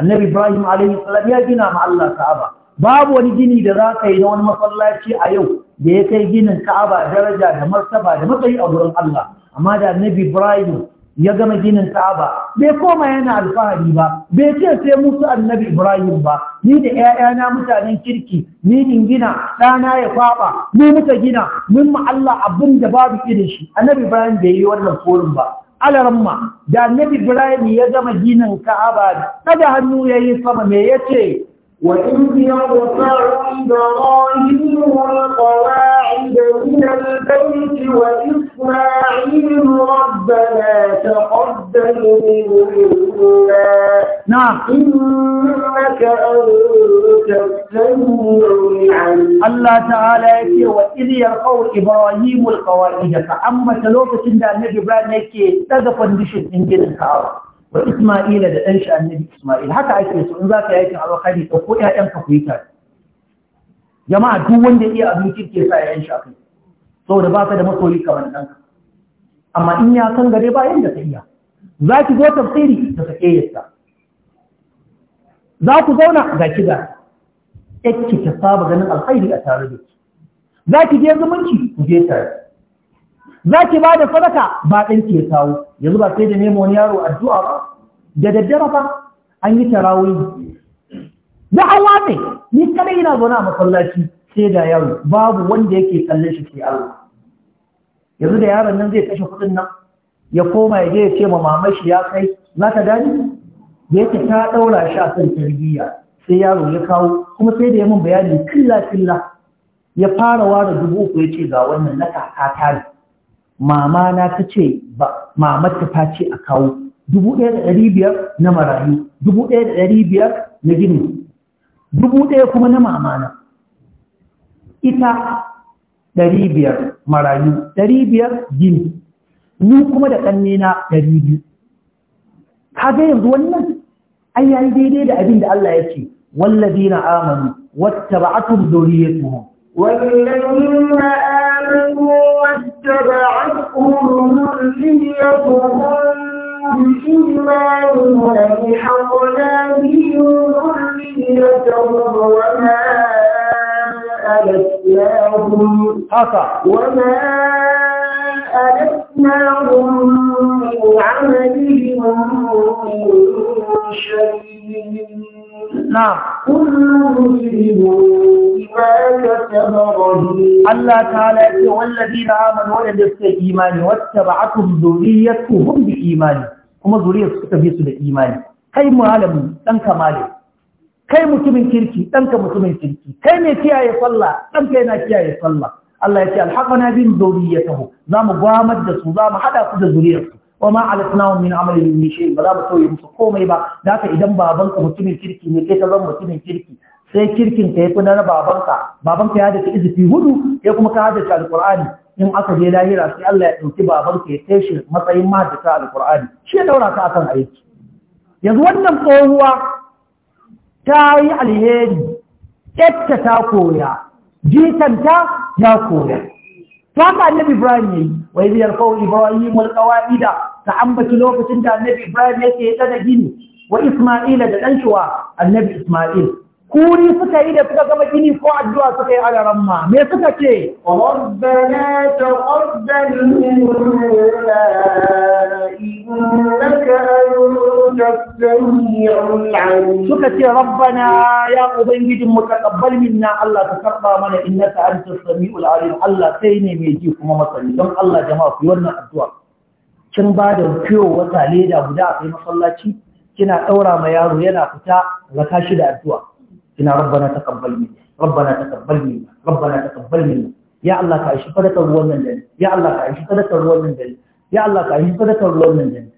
annabi Ibrahim alaihi salam ya gina ma Allah Ka'aba babu wani gini da za ka yi na wani masallaci a yau da ya kai ginin ka'aba daraja da martaba da matsayi a wurin Allah amma da annabi Ibrahim ya gama ginin ka'aba bai koma yana alfahari ba bai ce sai musu annabi Ibrahim ba ni da 'ya'yana mutanen kirki ni in gina ɗana ya faɓa? mu muka gina mun mu Allah abin da babu irin shi annabi Ibrahim bai yi wannan korin ba alaramma da annabi Ibrahim ya gama ginin ka'aba kada hannu yayi sama me yace وإن يرفع إبراهيم القواعد من البيت وإسماعيل ربنا تقبل منا نعم إنك أنت السميع العليم الله تعالى يقول وإن يرفع إبراهيم القواعد فأما تلوكة عند النبي إبراهيم يكي تدفن بشد من جنة wa Isma'ila da ɗan shi annabi Isma'il haka ake so in za ka yi aikin alkhairi ka ko ƴaƴanka ku yi tare jama'a duk wanda ya iya abin kirke sa ƴaƴan shi akai saboda ba ka da masoyi kamar ɗanka amma in ya san gare bayan da ka iya za ki zo tafsiri ka sake yasta za ku zauna ga ki ga ƴakki ta saba ganin alkhairi a tare da ki za ki je zumunci ku je tare za ki ba da sadaka ba ɗanki ya kawo yanzu ba sai da nemo wani yaro addu'a ba da daddare ba an yi tarawih da hawa ne ni kada ina zaune a masallaci sai da yaro babu wanda yake kallon shi sai Allah yanzu da yaron nan zai kashe kudin nan ya koma ya je ya ce ma mamai shi ya kai za ka gani da yake ta ɗaura shi a kan tarbiyya sai yaro ya kawo kuma sai da ya min bayani killa killa ya fara ware dubu uku ya ce ga wannan na kaka ta ne mama na ta ce ba mamar ta ta ce a kawo dubu ɗaya da ɗari biyar na marayu dubu ɗaya da ɗari biyar na gini dubu ɗaya kuma na mama na ita ɗari biyar marayu ɗari biyar gini ni kuma da ƙanne na ɗari biyu Ka kaga yanzu wannan ai yayi daidai da abin da Allah ya ce wallazina amanu wattaba'atum dhurriyyatuhum wallazina واتبعتهم ذريتهم بإيمان وألحقنا بهم ذريتهم وما ألتناهم وما ألتناهم من عملهم من شيء Allah ta'ala ya ce wallazi na amana waɗanda suka yi imani wacce ba aka zuriyarku hun bi imani kuma zuriyarsu suka bi su da imani. Kai malamin ɗan kamale, kai mutumin kirki ɗanka mutumin kirki, kai mai kiyaye sallah ɗanka yana kiyaye sallah. Allah ya ce alhaƙa na bin taho, za mu gwamar da su za mu haɗa su da zuriyarsu. wa ma alatnahum min amalin min shay ba za mu tauye musu komai ba da ka idan babanka mutumin kirki ne kai ka zama mutumin kirki sai kirkin ka yafi na babanka babanka ya dace izifi hudu ya kuma ka hadace alqur'ani in aka je lahira sai Allah ya dauki babanka ya kai shi matsayin ta alqur'ani shi ya daura ka akan aiki yanzu wannan tsohuwa ta yi alheri ta koya ta ya koya to haka annabi Ibrahim yayi wa idh yarfa'u Ibrahim al-qawa'ida ta ambaci lokacin da annabi Ibrahim yake ya da gini wa Isma'ila da dan shuwa annabi Isma'il kuri suka yi da suka gama gini ko addu'a suka yi ala ramma me suka ce rabbana taqabbal minna innaka antas samiul alim suka ce rabbana ya ubangijin mu taqabbal minna Allah ka karba mana innaka antas samiul alim Allah sai ne mai ji kuma masani don Allah jama'a ku wannan addu'a kin ba da kiyo wata leda guda a kai masallaci kina ɗaura ma yaro yana fita zaka shi da addu'a ina rabbana taqabbal minna rabbana taqabbal minna rabbana taqabbal minna ya Allah ka aishi sadakar ruwan nan dare ya Allah ka aishi sadakar ruwan nan dare ya Allah ka aishi sadakar ruwan nan dare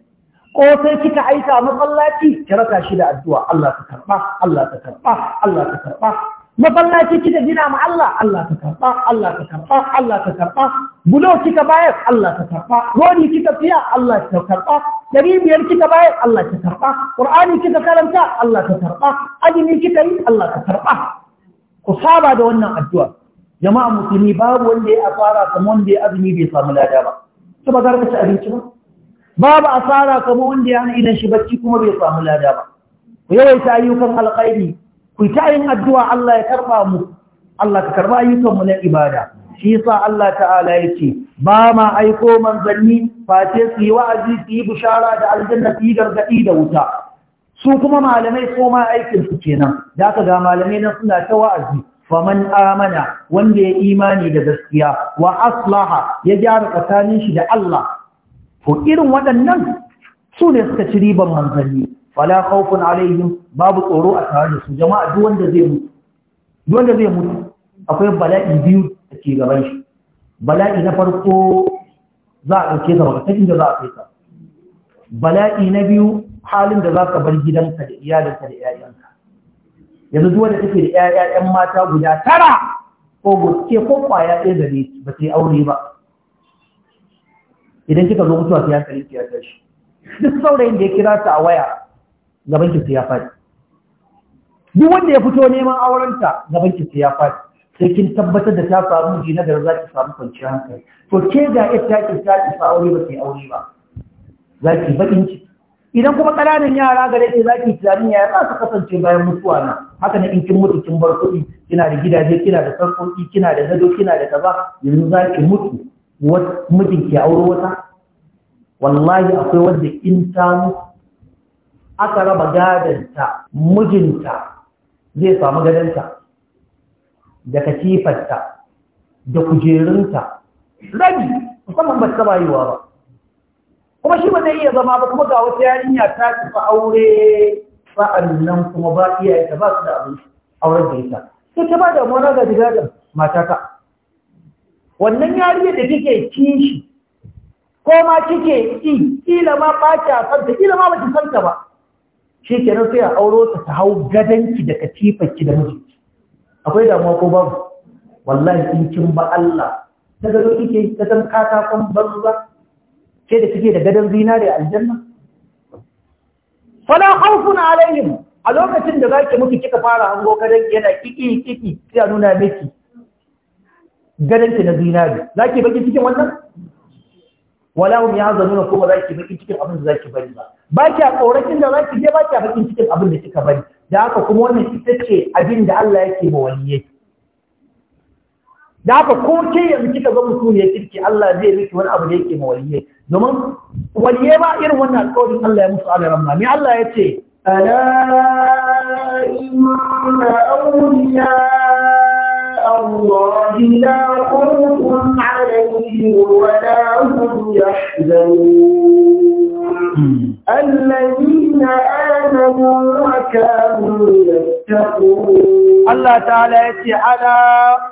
ko sai kika aika masallaci ki raka shi da addu'a Allah ka karba Allah ka karba Allah ka karba Mafallaci kika gina ma Allah Allah ka karba Allah ka karba Allah ka karba bulo kika bayar Allah ka karba rodi kika fiya Allah ka karba dari biyar kika bayar Allah ka karba qur'ani kika karanta Allah ka karba azumi kika yi Allah ka karba ku saba da wannan addu'a jama'a musulmi babu wanda ya asara kamar wanda ya azumi bai samu lada ba to ba garba ci abinci ba babu asara kamar wanda ya hana idan shi bacci kuma bai samu lada ba ku yawaita ayyukan alkhairi ku ta yin addu'a Allah ya karba mu Allah ka karba ayyukan mu na ibada shi yasa Allah ta'ala ce ba ma aiko manzanni face su yi wa'azi su yi bishara da aljanna su yi da wuta su kuma malamai ko ma aikin su kenan da ka ga malamai nan suna ta wa'azi faman amana wanda ya imani da gaskiya wa aslaha ya gyara tsakanin shi da Allah ko irin waɗannan su ne suka ci riban manzanni fala khawfun alaihim babu tsoro a tare da su jama'a duk wanda zai mutu duk wanda zai mutu akwai bala'i biyu da ke gaban shi bala'i na farko za a ɗauke ka baka da za a kai ka bala'i na biyu halin da za ka bar gidanka da iyalinka da 'ya'yanka yanzu duk wanda take da 'ya'ya'yan mata guda tara ko goske ko kwaya ɗaya ne ba sai aure ba idan kika zo mutuwa sai hankali ki ya tashi duk saurayin da ya kira ta a waya gaban ki ya faɗi duk wanda ya fito neman aurenta gaban ki ya faɗi sai kin tabbatar da ta samu miji na za ki samu kwanciyar hankali to ke ga ita ki ta ki aure ba ki aure ba za ki baƙin ki idan kuma ƙananan yara gare ki za ki tunanin ya za su kasance bayan mutuwa na haka ne in kin mutu kin bar kuɗi kina da gidaje kina da sarƙoƙi kina da gado kina da kaza yanzu za ki mutu mijin ki auro wata wallahi akwai wanda in ta mutu aka raba gadanta mijinta zai samu gadanta da katifarta da kujerunta rabi musamman ba ta ba ba kuma shi ba zai iya zama ba kuma ga wata yarinya ta tafi aure sa'an nan kuma ba iyayenta ba su da abin auren da ita sai ta ba da mona ga mata matata wannan yariyar da kike kishi ko ma kike ki kila ma ba ta san ta kila ma ba ki san ta ba shi nan sai a auro ta ta hau gadanki da katifarki da mijinki akwai damuwa ko babu wallahi in kin ba Allah ta gado ke ta san katakon banza ke da kike da gadon zinare a aljanna fala khawfun alaihim a lokacin da zaki muku kika fara hango gadan yana kiki kiki sai a nuna miki Gadon ki na zinare zaki baki cikin wannan wala hum yahzanuna ko za ki bakin cikin abin da ki bari ba ba ki korakin da zaki je ba ki bakin cikin abin da kika bari da haka kuma wannan ita ce abin da Allah yake ba waliyai da haka ko ke yanzu kika ga mutum ya kirki Allah zai riki wani abu da yake ma waliye domin waliye ba irin wannan alƙawarin Allah ya musu alaran ma Allah ya ce ala awliya الله لا خوف عليهم ولا هم يحزنون الذين آمنوا وكانوا يتقون الله تعالى يتي على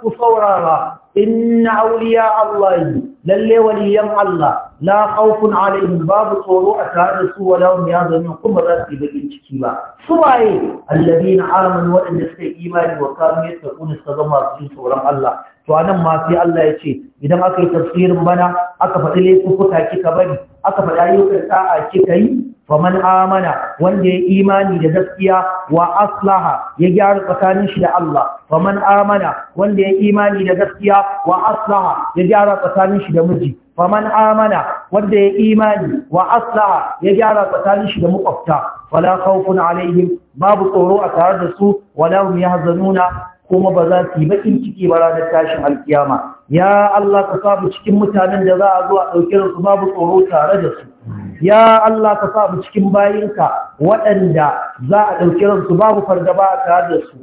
كفورها إن أولياء الله للي وليا الله لا خوف عليهم باب صورو أتارسوا ولا هم يهزمون قم راسي بقين شكيبا سواء الذين آمنوا وأن يستيقوا إيمان وكانوا يتقون استغمار في صورة الله to anan ma sai Allah ya ce idan aka yi tafsirin bana aka faɗi laifuka kika bari aka faɗi ayyukan sa'a kika yi faman amana wanda ya imani da gaskiya wa aslaha ya gyara tsakanin shi da Allah faman amana wanda ya imani da gaskiya wa aslaha ya gyara tsakanin shi da miji faman amana wanda ya imani wa aslaha ya gyara tsakanin shi da makwabta wala khawfun alaihim babu tsoro a tare da su wala hum yahzanuna kuma ba za su yi bakin ciki ba ranar tashin alkiyama ya Allah ka sabu cikin mutanen da za a zo a ɗauki su babu tsoro tare da su ya Allah ka sabu cikin bayinka waɗanda za a ɗauki su babu fargaba a tare da su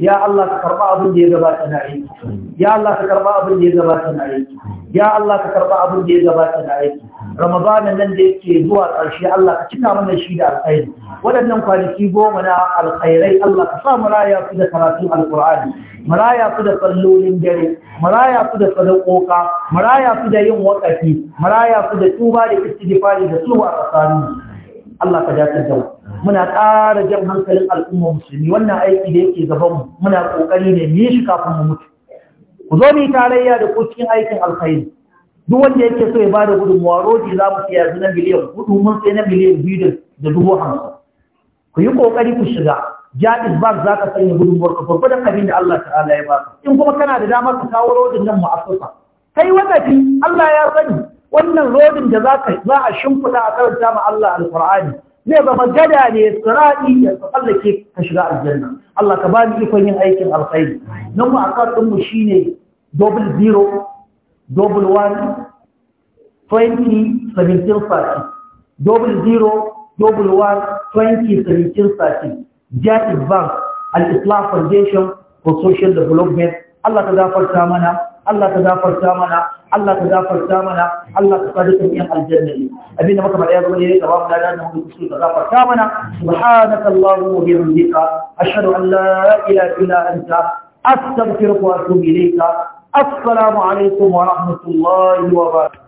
ya Allah ka karɓa abin da ya gabata na aiki ya Allah ka karɓa abin da ya gabata na aiki ya Allah ka karɓa abin da ya gabata na aiki Ramadana nan da yake zuwa ƙarshe Allah ka cika mana shi da alkhairi waɗannan kwanaki goma na alkhairai Allah ka sa mu raya su da karatun alkur'ani mu raya su da sallolin dare mu raya su da sadakoka mu raya su da yin waƙafi mu raya su da tuba da istighfari da sulhu a tsakanin Allah ka ta da muna ƙara jan hankalin al'umma musulmi wannan aiki da yake gaban mu muna ƙoƙari ne mu yi shi kafin mu mutu ku zo mu tarayya da ku cikin aikin alkhairi duk wanda yake so ya ba da gudunmuwa rodi za mu siya na miliyan hudu mun sai na miliyan biyu da dubu hamsin ku yi kokari ku shiga jadis bank za ka sanya gudunmuwar ka farko abin da Allah ta'ala ya baka in kuma kana da damar ka kawo rodin nan mu kai wadafi Allah ya sani wannan rodin da za ka za a shimfiɗa a karanta ma Allah alqur'ani zai zama gada ne tsirani da tsallake ka shiga aljanna Allah ka ba mu ikon yin aikin alkhairi nan mu akan mu shine double zero double one twenty seventeen thirty double zero double one twenty seventeen thirty Jaiz Bank and islam Foundation for Social Development Allah ta gafarta mana Allah ta gafarta mana Allah ta gafarta mana Allah ta sadi ta yin aljanna ne abinda muka faɗa yanzu ne ka ba mu ladan nan mu su ta gafarta mana subhanaka allahumma wa bihamdika ashhadu an la ilaha illa anta astaghfiruka wa atubu ilayka assalamu alaikum wa rahmatullahi wa barakatuh